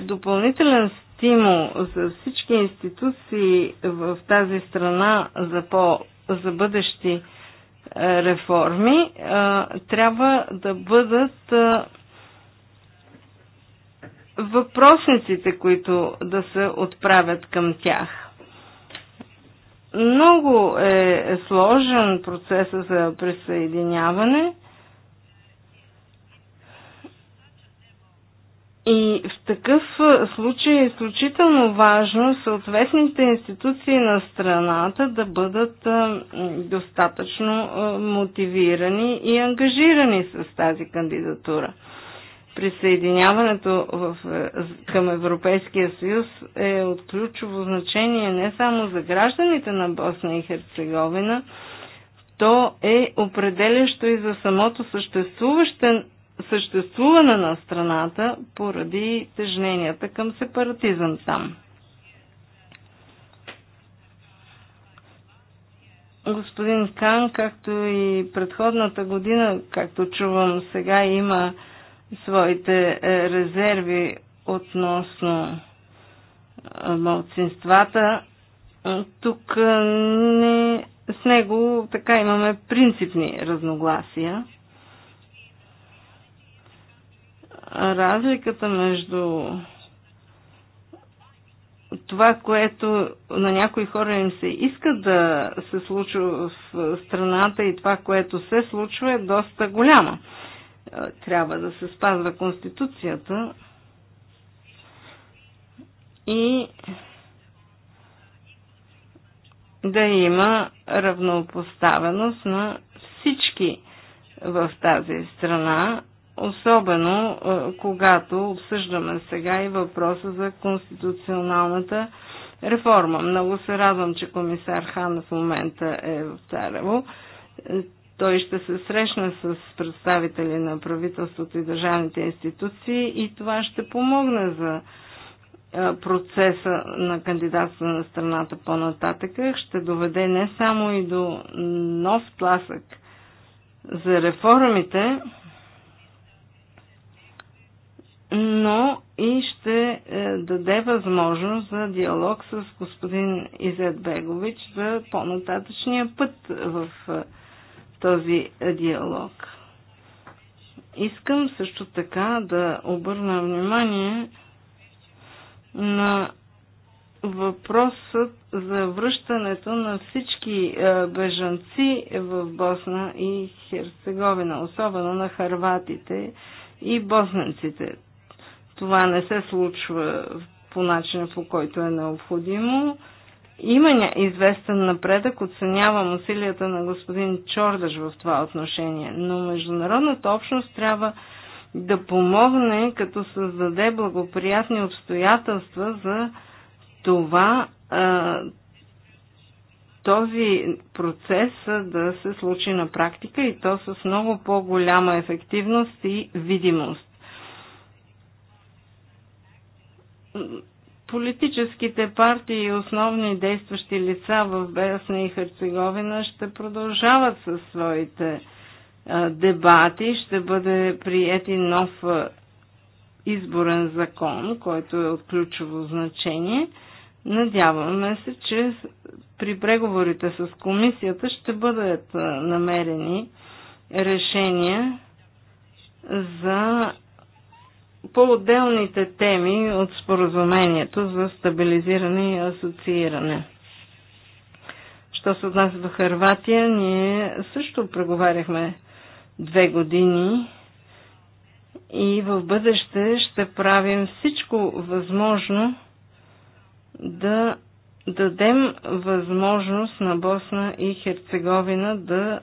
допълнителен стимул за всички институции в тази страна за, по, за бъдещи е, реформи е, трябва да бъдат е, въпросниците, които да се отправят към тях. Много е сложен процеса за присъединяване и в такъв случай е изключително важно съответните институции на страната да бъдат достатъчно мотивирани и ангажирани с тази кандидатура присъединяването в, е, към Европейския съюз е от ключово значение не само за гражданите на Босна и Херцеговина, то е определящо и за самото съществуване на страната поради тежненията към сепаратизъм там. Господин Кан, както и предходната година, както чувам сега, има своите е, резерви относно е, малцинствата. Тук е, не, с него така имаме принципни разногласия. Разликата между това, което на някои хора им се иска да се случва в страната и това, което се случва е доста голяма. Е, трябва да се спазва Конституцията и да има равнопоставеност на всички в тази страна, особено е, когато обсъждаме сега и въпроса за конституционалната реформа. Много се радвам, че комисар Хан в момента е в Царево. Е, той ще се срещне с представители на правителството и държавните институции и това ще помогне за процеса на кандидатство на страната по-нататък ще доведе не само и до нов тласък за реформите, но и ще е, даде възможност за диалог с господин Изет Бегович за по-нататъчния път в е, този диалог. Искам също така да обърна внимание на въпросът за връщането на всички е, бежанци в Босна и Херцеговина, особено на харватите и босненците. Това не се случва по начина по който е необходимо има известен напредък, оценявам усилията на господин Чордаш в това отношение, но международната общност трябва да помогне, като създаде благоприятни обстоятелства за това този процес да се случи на практика и то с много по-голяма ефективност и видимост Политическите партии и основни действащи лица в Бесна и Херцеговина ще продължават със своите дебати. Ще бъде приети нов изборен закон, който е от ключово значение. Надяваме се, че при преговорите с комисията ще бъдат намерени решения за по отделните теми от споразумението за стабилизиране и асоцииране. Що се отнася до Харватия, ние също преговаряхме две години и в бъдеще ще правим всичко възможно да дадем възможност на Босна и Херцеговина да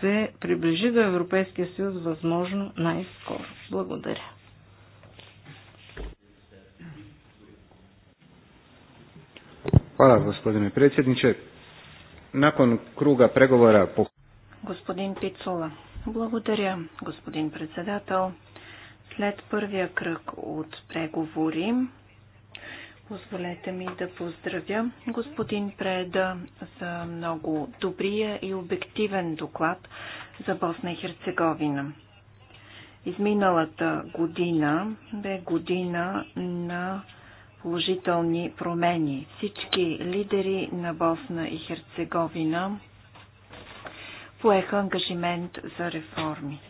се приближи до Европейския съюз възможно най-скоро. Благодаря. Hvala gospodine predsjedniče. Nakon kruga pregovora po... Господин Пицула. Благодаря, господин председател. След първия кръг от преговори, позволете ми да поздравя господин Преда за много добрия и обективен доклад за Босна и Херцеговина. Изминалата година бе година на положителни промени. Всички лидери на Босна и Херцеговина поеха ангажимент за реформи.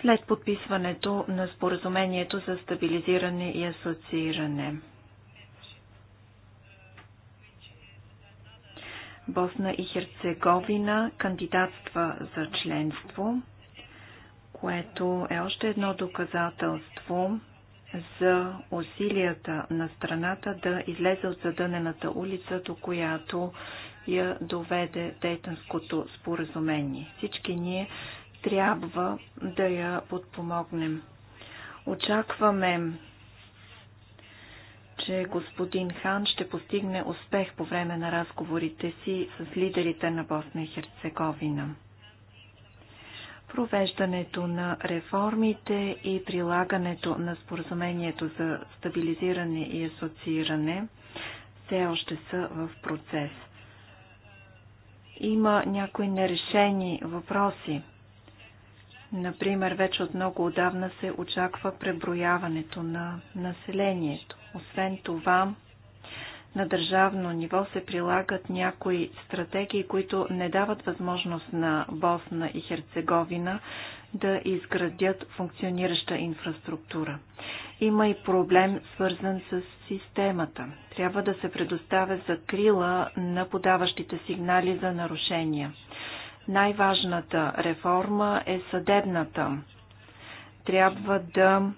След подписването на споразумението за стабилизиране и асоцииране. Босна и Херцеговина кандидатства за членство което е още едно доказателство за усилията на страната да излезе от задънената улица, до която я доведе Дейтанското споразумение. Всички ние трябва да я подпомогнем. Очакваме, че господин Хан ще постигне успех по време на разговорите си с лидерите на Босна и Херцеговина провеждането на реформите и прилагането на споразумението за стабилизиране и асоцииране все още са в процес. Има някои нерешени въпроси. Например, вече от много отдавна се очаква преброяването на населението. Освен това, на държавно ниво се прилагат някои стратегии, които не дават възможност на Босна и Херцеговина да изградят функционираща инфраструктура. Има и проблем свързан с системата. Трябва да се предоставя закрила на подаващите сигнали за нарушения. Най-важната реформа е съдебната. Трябва да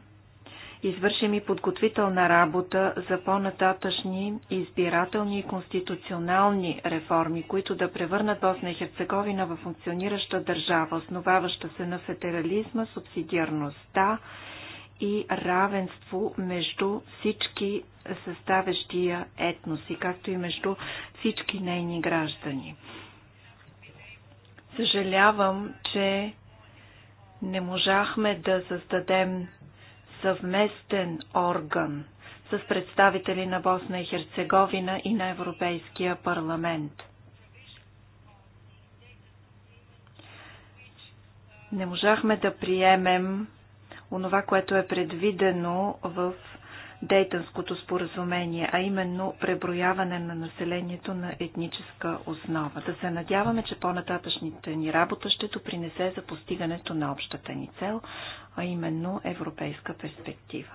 извършим и подготвителна работа за по-нататъчни избирателни и конституционални реформи, които да превърнат Босна и Херцеговина в функционираща държава, основаваща се на федерализма, субсидиарността и равенство между всички съставящия етноси, както и между всички нейни граждани. Съжалявам, че не можахме да създадем съвместен орган с представители на Босна и Херцеговина и на Европейския парламент. Не можахме да приемем онова, което е предвидено в дейтанското споразумение, а именно преброяване на населението на етническа основа. Да се надяваме, че по-нататъчните ни работа ще допринесе за постигането на общата ни цел, а именно европейска перспектива.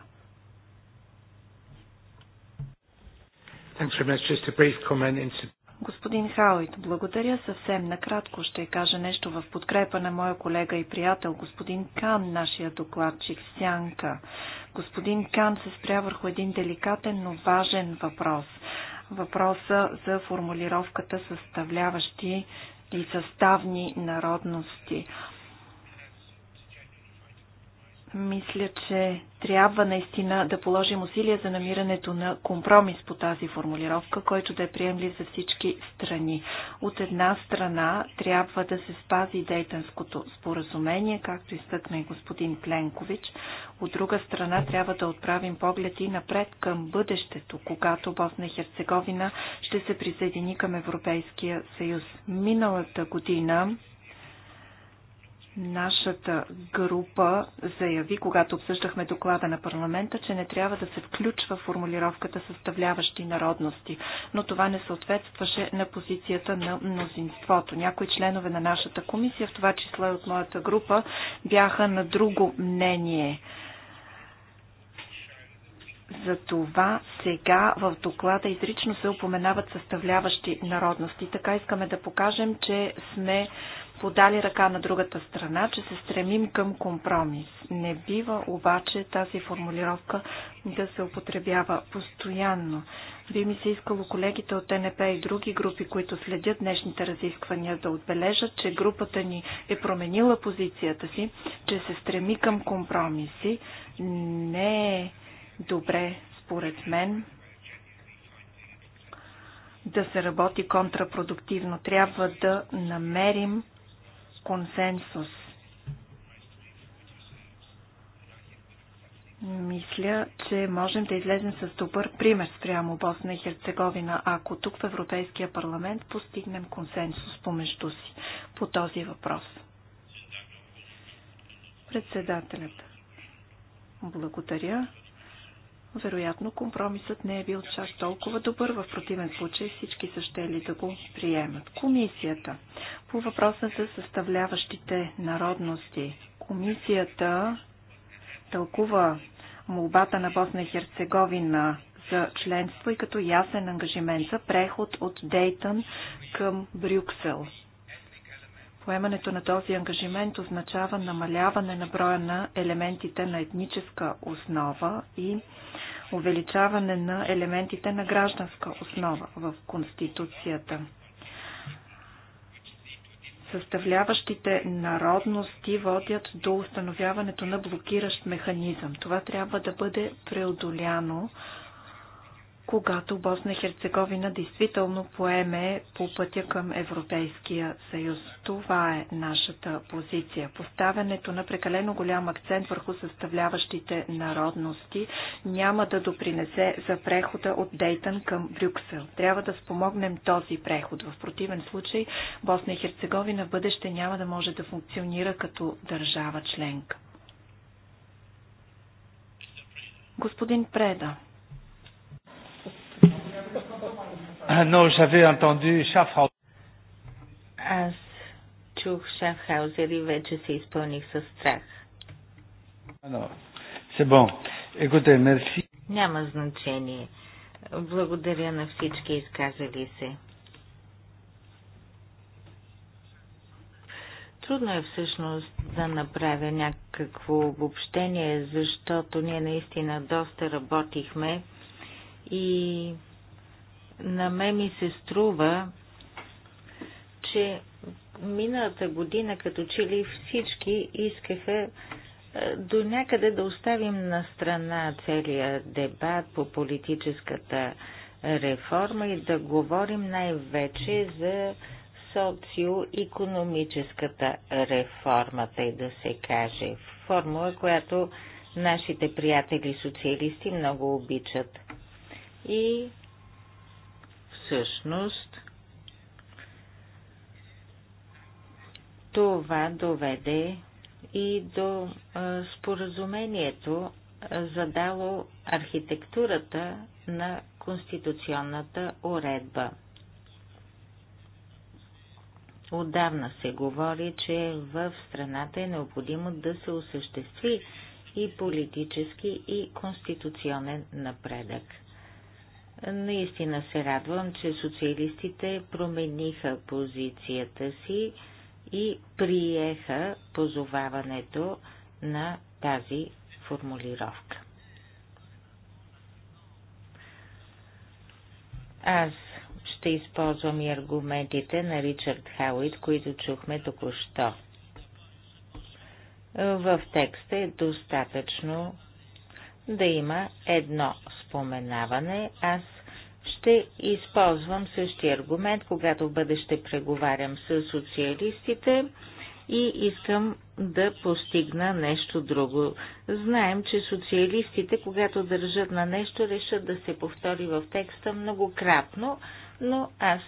Thanks very much. Just a brief comment into Господин Хауит, благодаря. Съвсем накратко ще кажа нещо в подкрепа на моя колега и приятел, господин Кан, нашия докладчик Сянка. Господин Кан се спря върху един деликатен, но важен въпрос. Въпроса за формулировката съставляващи и съставни народности. Мисля, че трябва наистина да положим усилия за намирането на компромис по тази формулировка, който да е приемлив за всички страни. От една страна трябва да се спази Дейтанското споразумение, както изтъкна и господин Пленкович. От друга страна трябва да отправим поглед и напред към бъдещето, когато Босна и Херцеговина ще се присъедини към Европейския съюз. Миналата година Нашата група заяви, когато обсъждахме доклада на парламента, че не трябва да се включва формулировката съставляващи народности, но това не съответстваше на позицията на мнозинството. Някои членове на нашата комисия, в това число и от моята група, бяха на друго мнение затова сега в доклада изрично се упоменават съставляващи народности. Така искаме да покажем, че сме подали ръка на другата страна, че се стремим към компромис. Не бива обаче тази формулировка да се употребява постоянно. Би ми се искало колегите от ТНП и други групи, които следят днешните разисквания, да отбележат, че групата ни е променила позицията си, че се стреми към компромиси. Не е добре, според мен, да се работи контрапродуктивно. Трябва да намерим консенсус. Мисля, че можем да излезем с добър пример спрямо Босна и Херцеговина, ако тук в Европейския парламент постигнем консенсус помежду си по този въпрос. Председателят. Благодаря вероятно компромисът не е бил чак толкова добър. В противен случай всички са щели да го приемат. Комисията по въпроса за съставляващите народности. Комисията тълкува молбата на Босна и Херцеговина за членство и като ясен ангажимент за преход от Дейтън към Брюксел. Поемането на този ангажимент означава намаляване на броя на елементите на етническа основа и увеличаване на елементите на гражданска основа в Конституцията. Съставляващите народности водят до установяването на блокиращ механизъм. Това трябва да бъде преодоляно когато Босна и Херцеговина действително поеме по пътя към Европейския съюз. Това е нашата позиция. Поставянето на прекалено голям акцент върху съставляващите народности няма да допринесе за прехода от Дейтън към Брюксел. Трябва да спомогнем този преход. В противен случай Босна и Херцеговина в бъдеще няма да може да функционира като държава членка. Господин Преда. Euh, non, j'avais entendu Schaffhauser. Аз чух Шафхаузер и вече се изпълних със страх. c'est bon. Écoutez, merci. Няма значение. Благодаря на всички изказали се. Трудно е всъщност да направя някакво обобщение, защото ние наистина доста работихме и на мен ми се струва, че миналата година като че ли всички искаха е, до някъде да оставим на страна целия дебат по политическата реформа и да говорим най-вече за социо-економическата реформа, тъй да се каже. Формула, която нашите приятели социалисти много обичат. И всъщност това доведе и до споразумението, задало архитектурата на конституционната уредба. Отдавна се говори, че в страната е необходимо да се осъществи и политически и конституционен напредък. Наистина се радвам, че социалистите промениха позицията си и приеха позоваването на тази формулировка. Аз ще използвам и аргументите на Ричард Хауит, които чухме току-що. В текста е достатъчно да има едно споменаване, аз ще използвам същия аргумент, когато в бъдеще преговарям с социалистите и искам да постигна нещо друго. Знаем, че социалистите, когато държат на нещо, решат да се повтори в текста многократно, но аз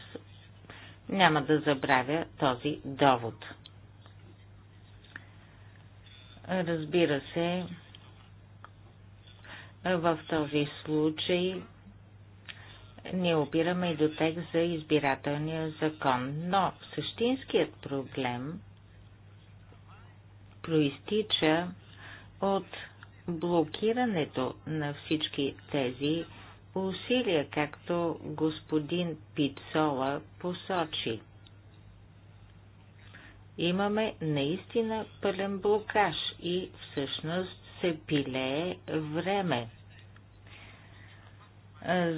няма да забравя този довод. Разбира се, в този случай не опираме и до текст за избирателния закон. Но същинският проблем проистича от блокирането на всички тези усилия, както господин Пицола посочи. Имаме наистина пълен блокаж и всъщност се пилее време.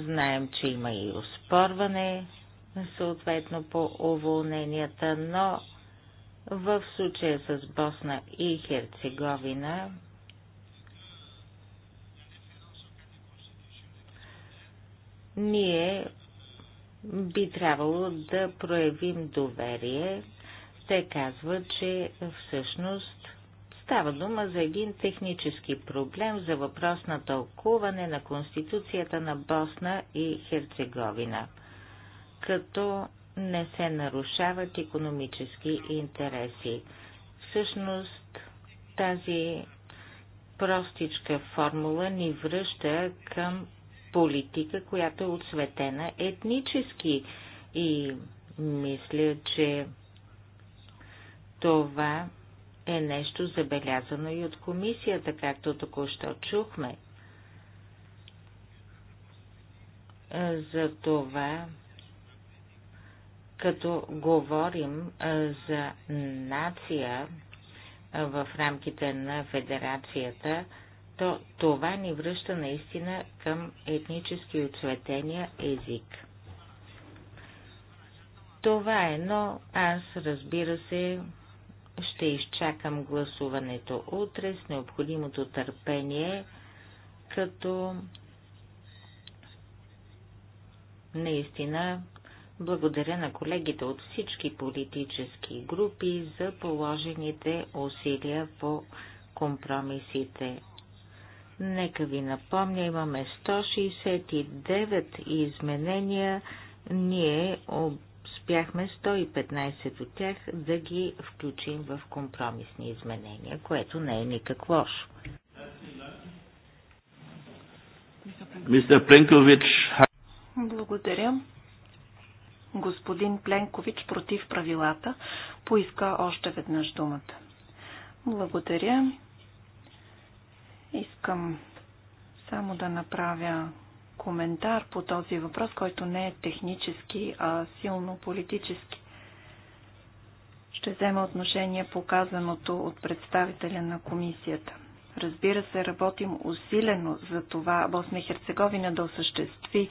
Знаем, че има и успорване, съответно по уволненията, но в случая с Босна и Херцеговина ние би трябвало да проявим доверие. Те казват, че всъщност Става дума за един технически проблем за въпрос на тълкуване на Конституцията на Босна и Херцеговина, като не се нарушават економически интереси. Всъщност тази простичка формула ни връща към политика, която е отсветена етнически и мисля, че това е нещо забелязано и от комисията, както току-що чухме. За това, като говорим за нация в рамките на федерацията, то това ни връща наистина към етнически оцветения език. Това е, но аз, разбира се, ще изчакам гласуването утре с необходимото търпение, като наистина благодаря на колегите от всички политически групи за положените усилия по компромисите. Нека ви напомня, имаме 169 изменения. Ние об успяхме 115 от тях да ги включим в компромисни изменения, което не е никак лошо. Мистер Пленкович. Благодаря. Господин Пленкович против правилата поиска още веднъж думата. Благодаря. Искам само да направя коментар по този въпрос, който не е технически, а силно политически. Ще взема отношение по казаното от представителя на комисията. Разбира се, работим усилено за това Босна и Херцеговина да осъществи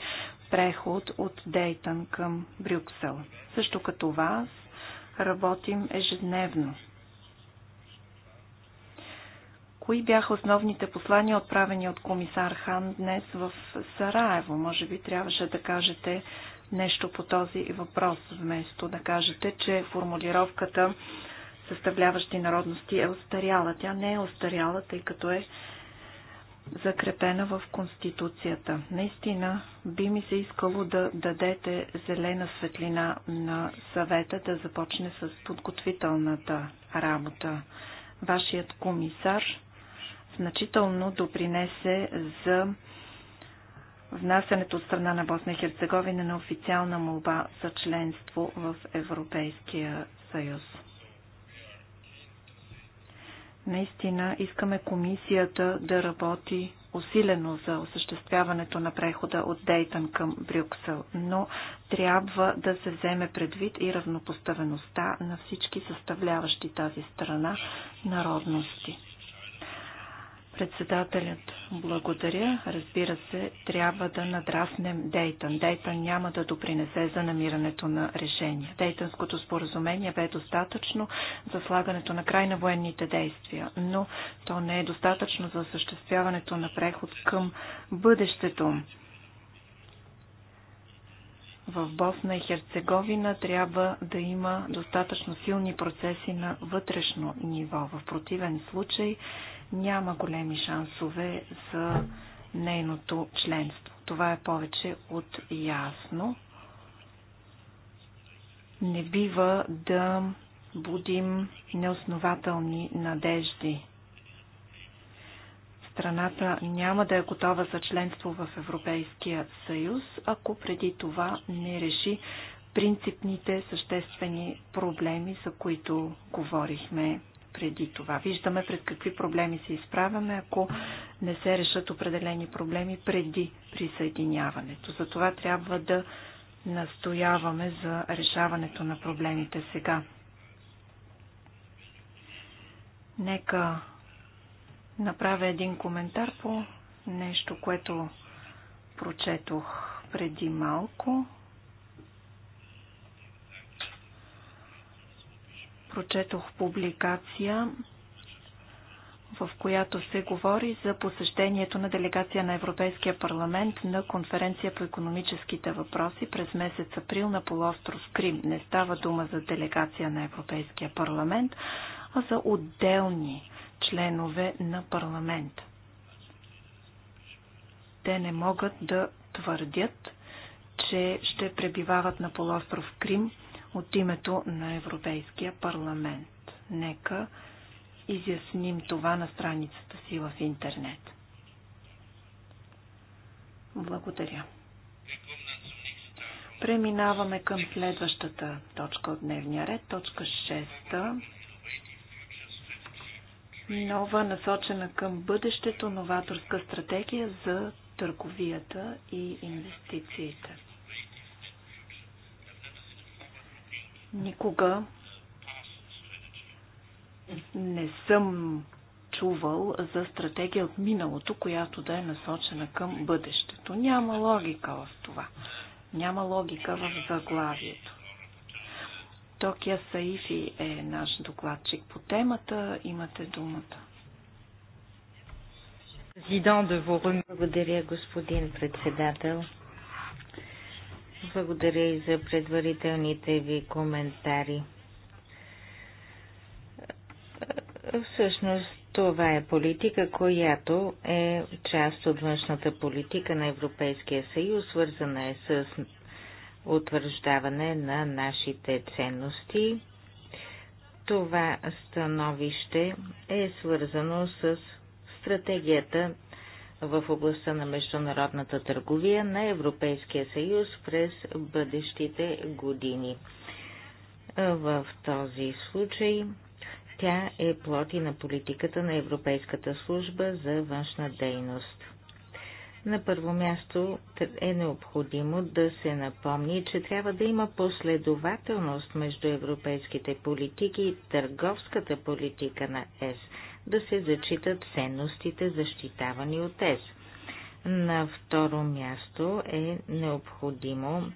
преход от Дейтън към Брюксел. Също като вас работим ежедневно. Кои бяха основните послания, отправени от комисар Хан днес в Сараево? Може би трябваше да кажете нещо по този въпрос, вместо да кажете, че формулировката съставляващи народности е остаряла. Тя не е остаряла, тъй като е закрепена в Конституцията. Наистина би ми се искало да дадете зелена светлина на съвета да започне с подготвителната работа. Вашият комисар значително допринесе за внасянето от страна на Босна и Херцеговина на официална молба за членство в Европейския съюз. Наистина искаме комисията да работи усилено за осъществяването на прехода от Дейтън към Брюксел, но трябва да се вземе предвид и равнопоставеността на всички съставляващи тази страна народности. Председателят, благодаря. Разбира се, трябва да надраснем Дейтън. Дейтън няма да допринесе за намирането на решение. Дейтънското споразумение бе достатъчно за слагането на край на военните действия, но то не е достатъчно за осъществяването на преход към бъдещето. В Босна и Херцеговина трябва да има достатъчно силни процеси на вътрешно ниво. В противен случай няма големи шансове за нейното членство. Това е повече от ясно. Не бива да будим неоснователни надежди. Страната няма да е готова за членство в Европейския съюз, ако преди това не реши принципните съществени проблеми, за които говорихме преди това. Виждаме пред какви проблеми се изправяме, ако не се решат определени проблеми преди присъединяването. Затова трябва да настояваме за решаването на проблемите сега. Нека направя един коментар по нещо, което прочетох преди малко. прочетох публикация, в която се говори за посещението на делегация на Европейския парламент на конференция по економическите въпроси през месец април на полуостров Крим. Не става дума за делегация на Европейския парламент, а за отделни членове на парламент. Те не могат да твърдят, че ще пребивават на полуостров Крим от името на Европейския парламент. Нека изясним това на страницата си в интернет. Благодаря. Преминаваме към следващата точка от дневния ред, точка 6. Нова насочена към бъдещето новаторска стратегия за търговията и инвестициите. Никога не съм чувал за стратегия от миналото, която да е насочена към бъдещето. Няма логика в това. Няма логика в заглавието. Токия Саифи е наш докладчик по темата. Имате думата. Благодаря, господин председател. Благодаря и за предварителните ви коментари. Всъщност това е политика, която е част от външната политика на Европейския съюз, свързана е с утвърждаване на нашите ценности. Това становище е свързано с стратегията в областта на международната търговия на Европейския съюз през бъдещите години. В този случай тя е плоти на политиката на Европейската служба за външна дейност. На първо място е необходимо да се напомни, че трябва да има последователност между европейските политики и търговската политика на ЕС – да се зачитат ценностите, защитавани от ЕС. На второ място е необходимо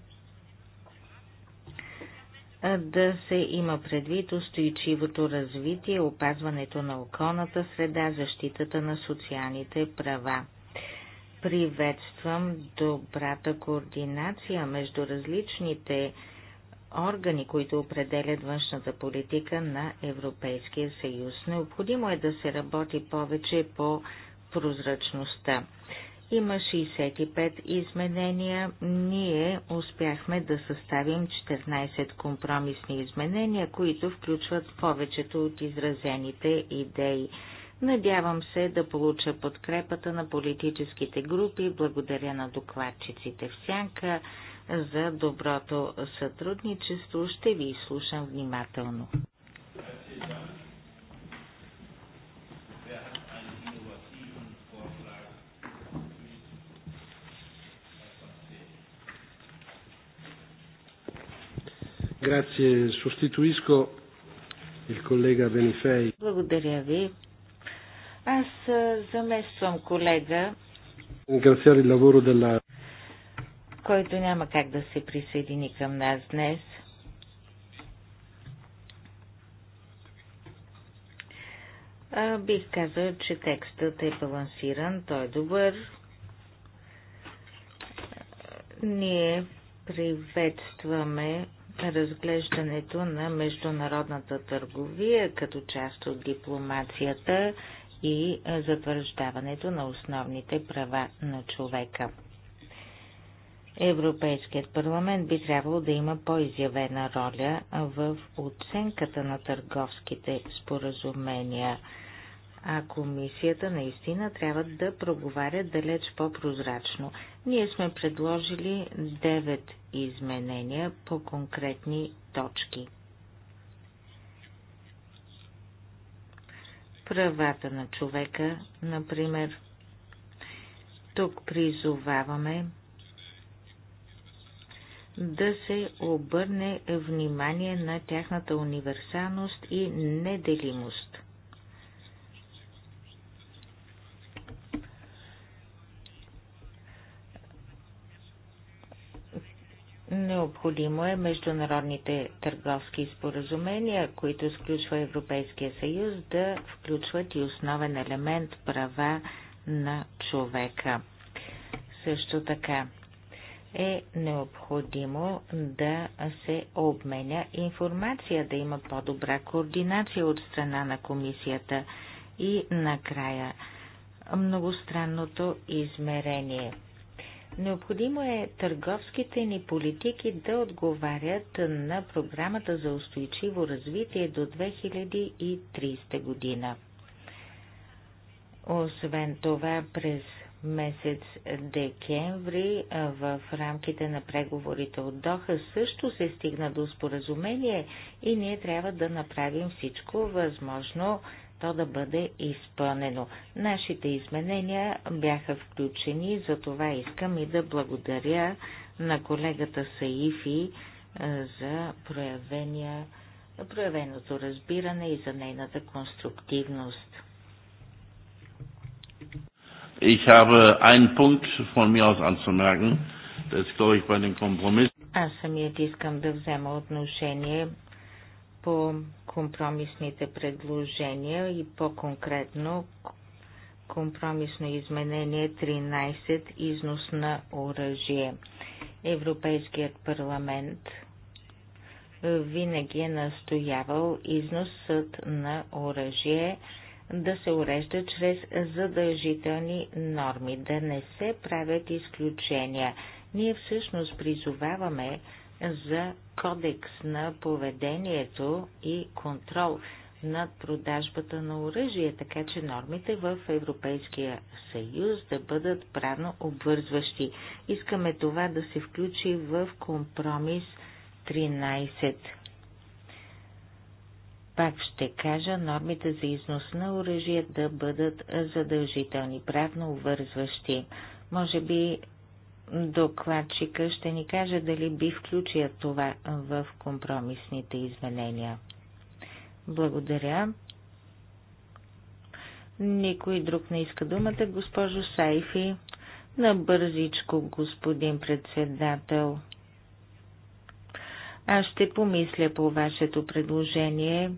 да се има предвид устойчивото развитие, опазването на околната среда, защитата на социалните права. Приветствам добрата координация между различните органи, които определят външната политика на Европейския съюз. Необходимо е да се работи повече по прозрачността. Има 65 изменения. Ние успяхме да съставим 14 компромисни изменения, които включват повечето от изразените идеи. Надявам се да получа подкрепата на политическите групи. Благодаря на докладчиците в Сянка за доброто сътрудничество. Ще ви слушам внимателно. Grazie, sostituisco il collega Benifei. Благодаря ви. Аз замествам колега. Ringraziare il lavoro della който няма как да се присъедини към нас днес. А, бих казал, че текстът е балансиран, той е добър. Ние приветстваме разглеждането на международната търговия като част от дипломацията и затвърждаването на основните права на човека. Европейският парламент би трябвало да има по-изявена роля в оценката на търговските споразумения, а комисията наистина трябва да проговаря далеч по-прозрачно. Ние сме предложили 9 изменения по конкретни точки. Правата на човека, например. Тук призоваваме да се обърне внимание на тяхната универсалност и неделимост. Необходимо е международните търговски споразумения, които сключва Европейския съюз, да включват и основен елемент права на човека. Също така, е необходимо да се обменя информация, да има по-добра координация от страна на комисията и накрая многостранното измерение. Необходимо е търговските ни политики да отговарят на програмата за устойчиво развитие до 2030 година. Освен това, през месец декември в рамките на преговорите от Доха също се стигна до споразумение и ние трябва да направим всичко възможно то да бъде изпълнено. Нашите изменения бяха включени, за това искам и да благодаря на колегата Саифи за проявения, проявеното разбиране и за нейната конструктивност. Ich habe einen Punkt von mir aus anzumerken. Das ist, glaube ich, bei den Kompromissen. Аз самият искам да взема отношение по компромисните предложения и по-конкретно компромисно изменение 13 износ на оръжие. Европейският парламент винаги е настоявал износът на оръжие да се урежда чрез задължителни норми, да не се правят изключения. Ние всъщност призоваваме за кодекс на поведението и контрол над продажбата на оръжие, така че нормите в Европейския съюз да бъдат правно обвързващи. Искаме това да се включи в компромис 13. Пак ще кажа нормите за износ на оръжие да бъдат задължителни, правно обвързващи. Може би докладчика ще ни каже дали би включил това в компромисните изменения. Благодаря. Никой друг не иска думата, госпожо Сайфи. Набързичко, господин председател. Аз ще помисля по вашето предложение.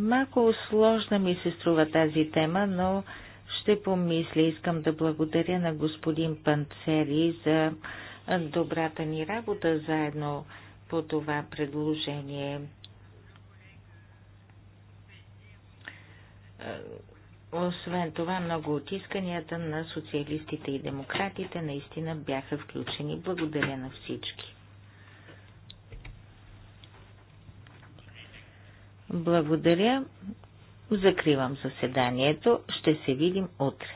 Малко сложна ми се струва тази тема, но ще помисля. Искам да благодаря на господин Панцери за добрата ни работа заедно по това предложение. Освен това, много от исканията на социалистите и демократите наистина бяха включени. Благодаря на всички. Благодаря. Закривам заседанието. Ще се видим утре.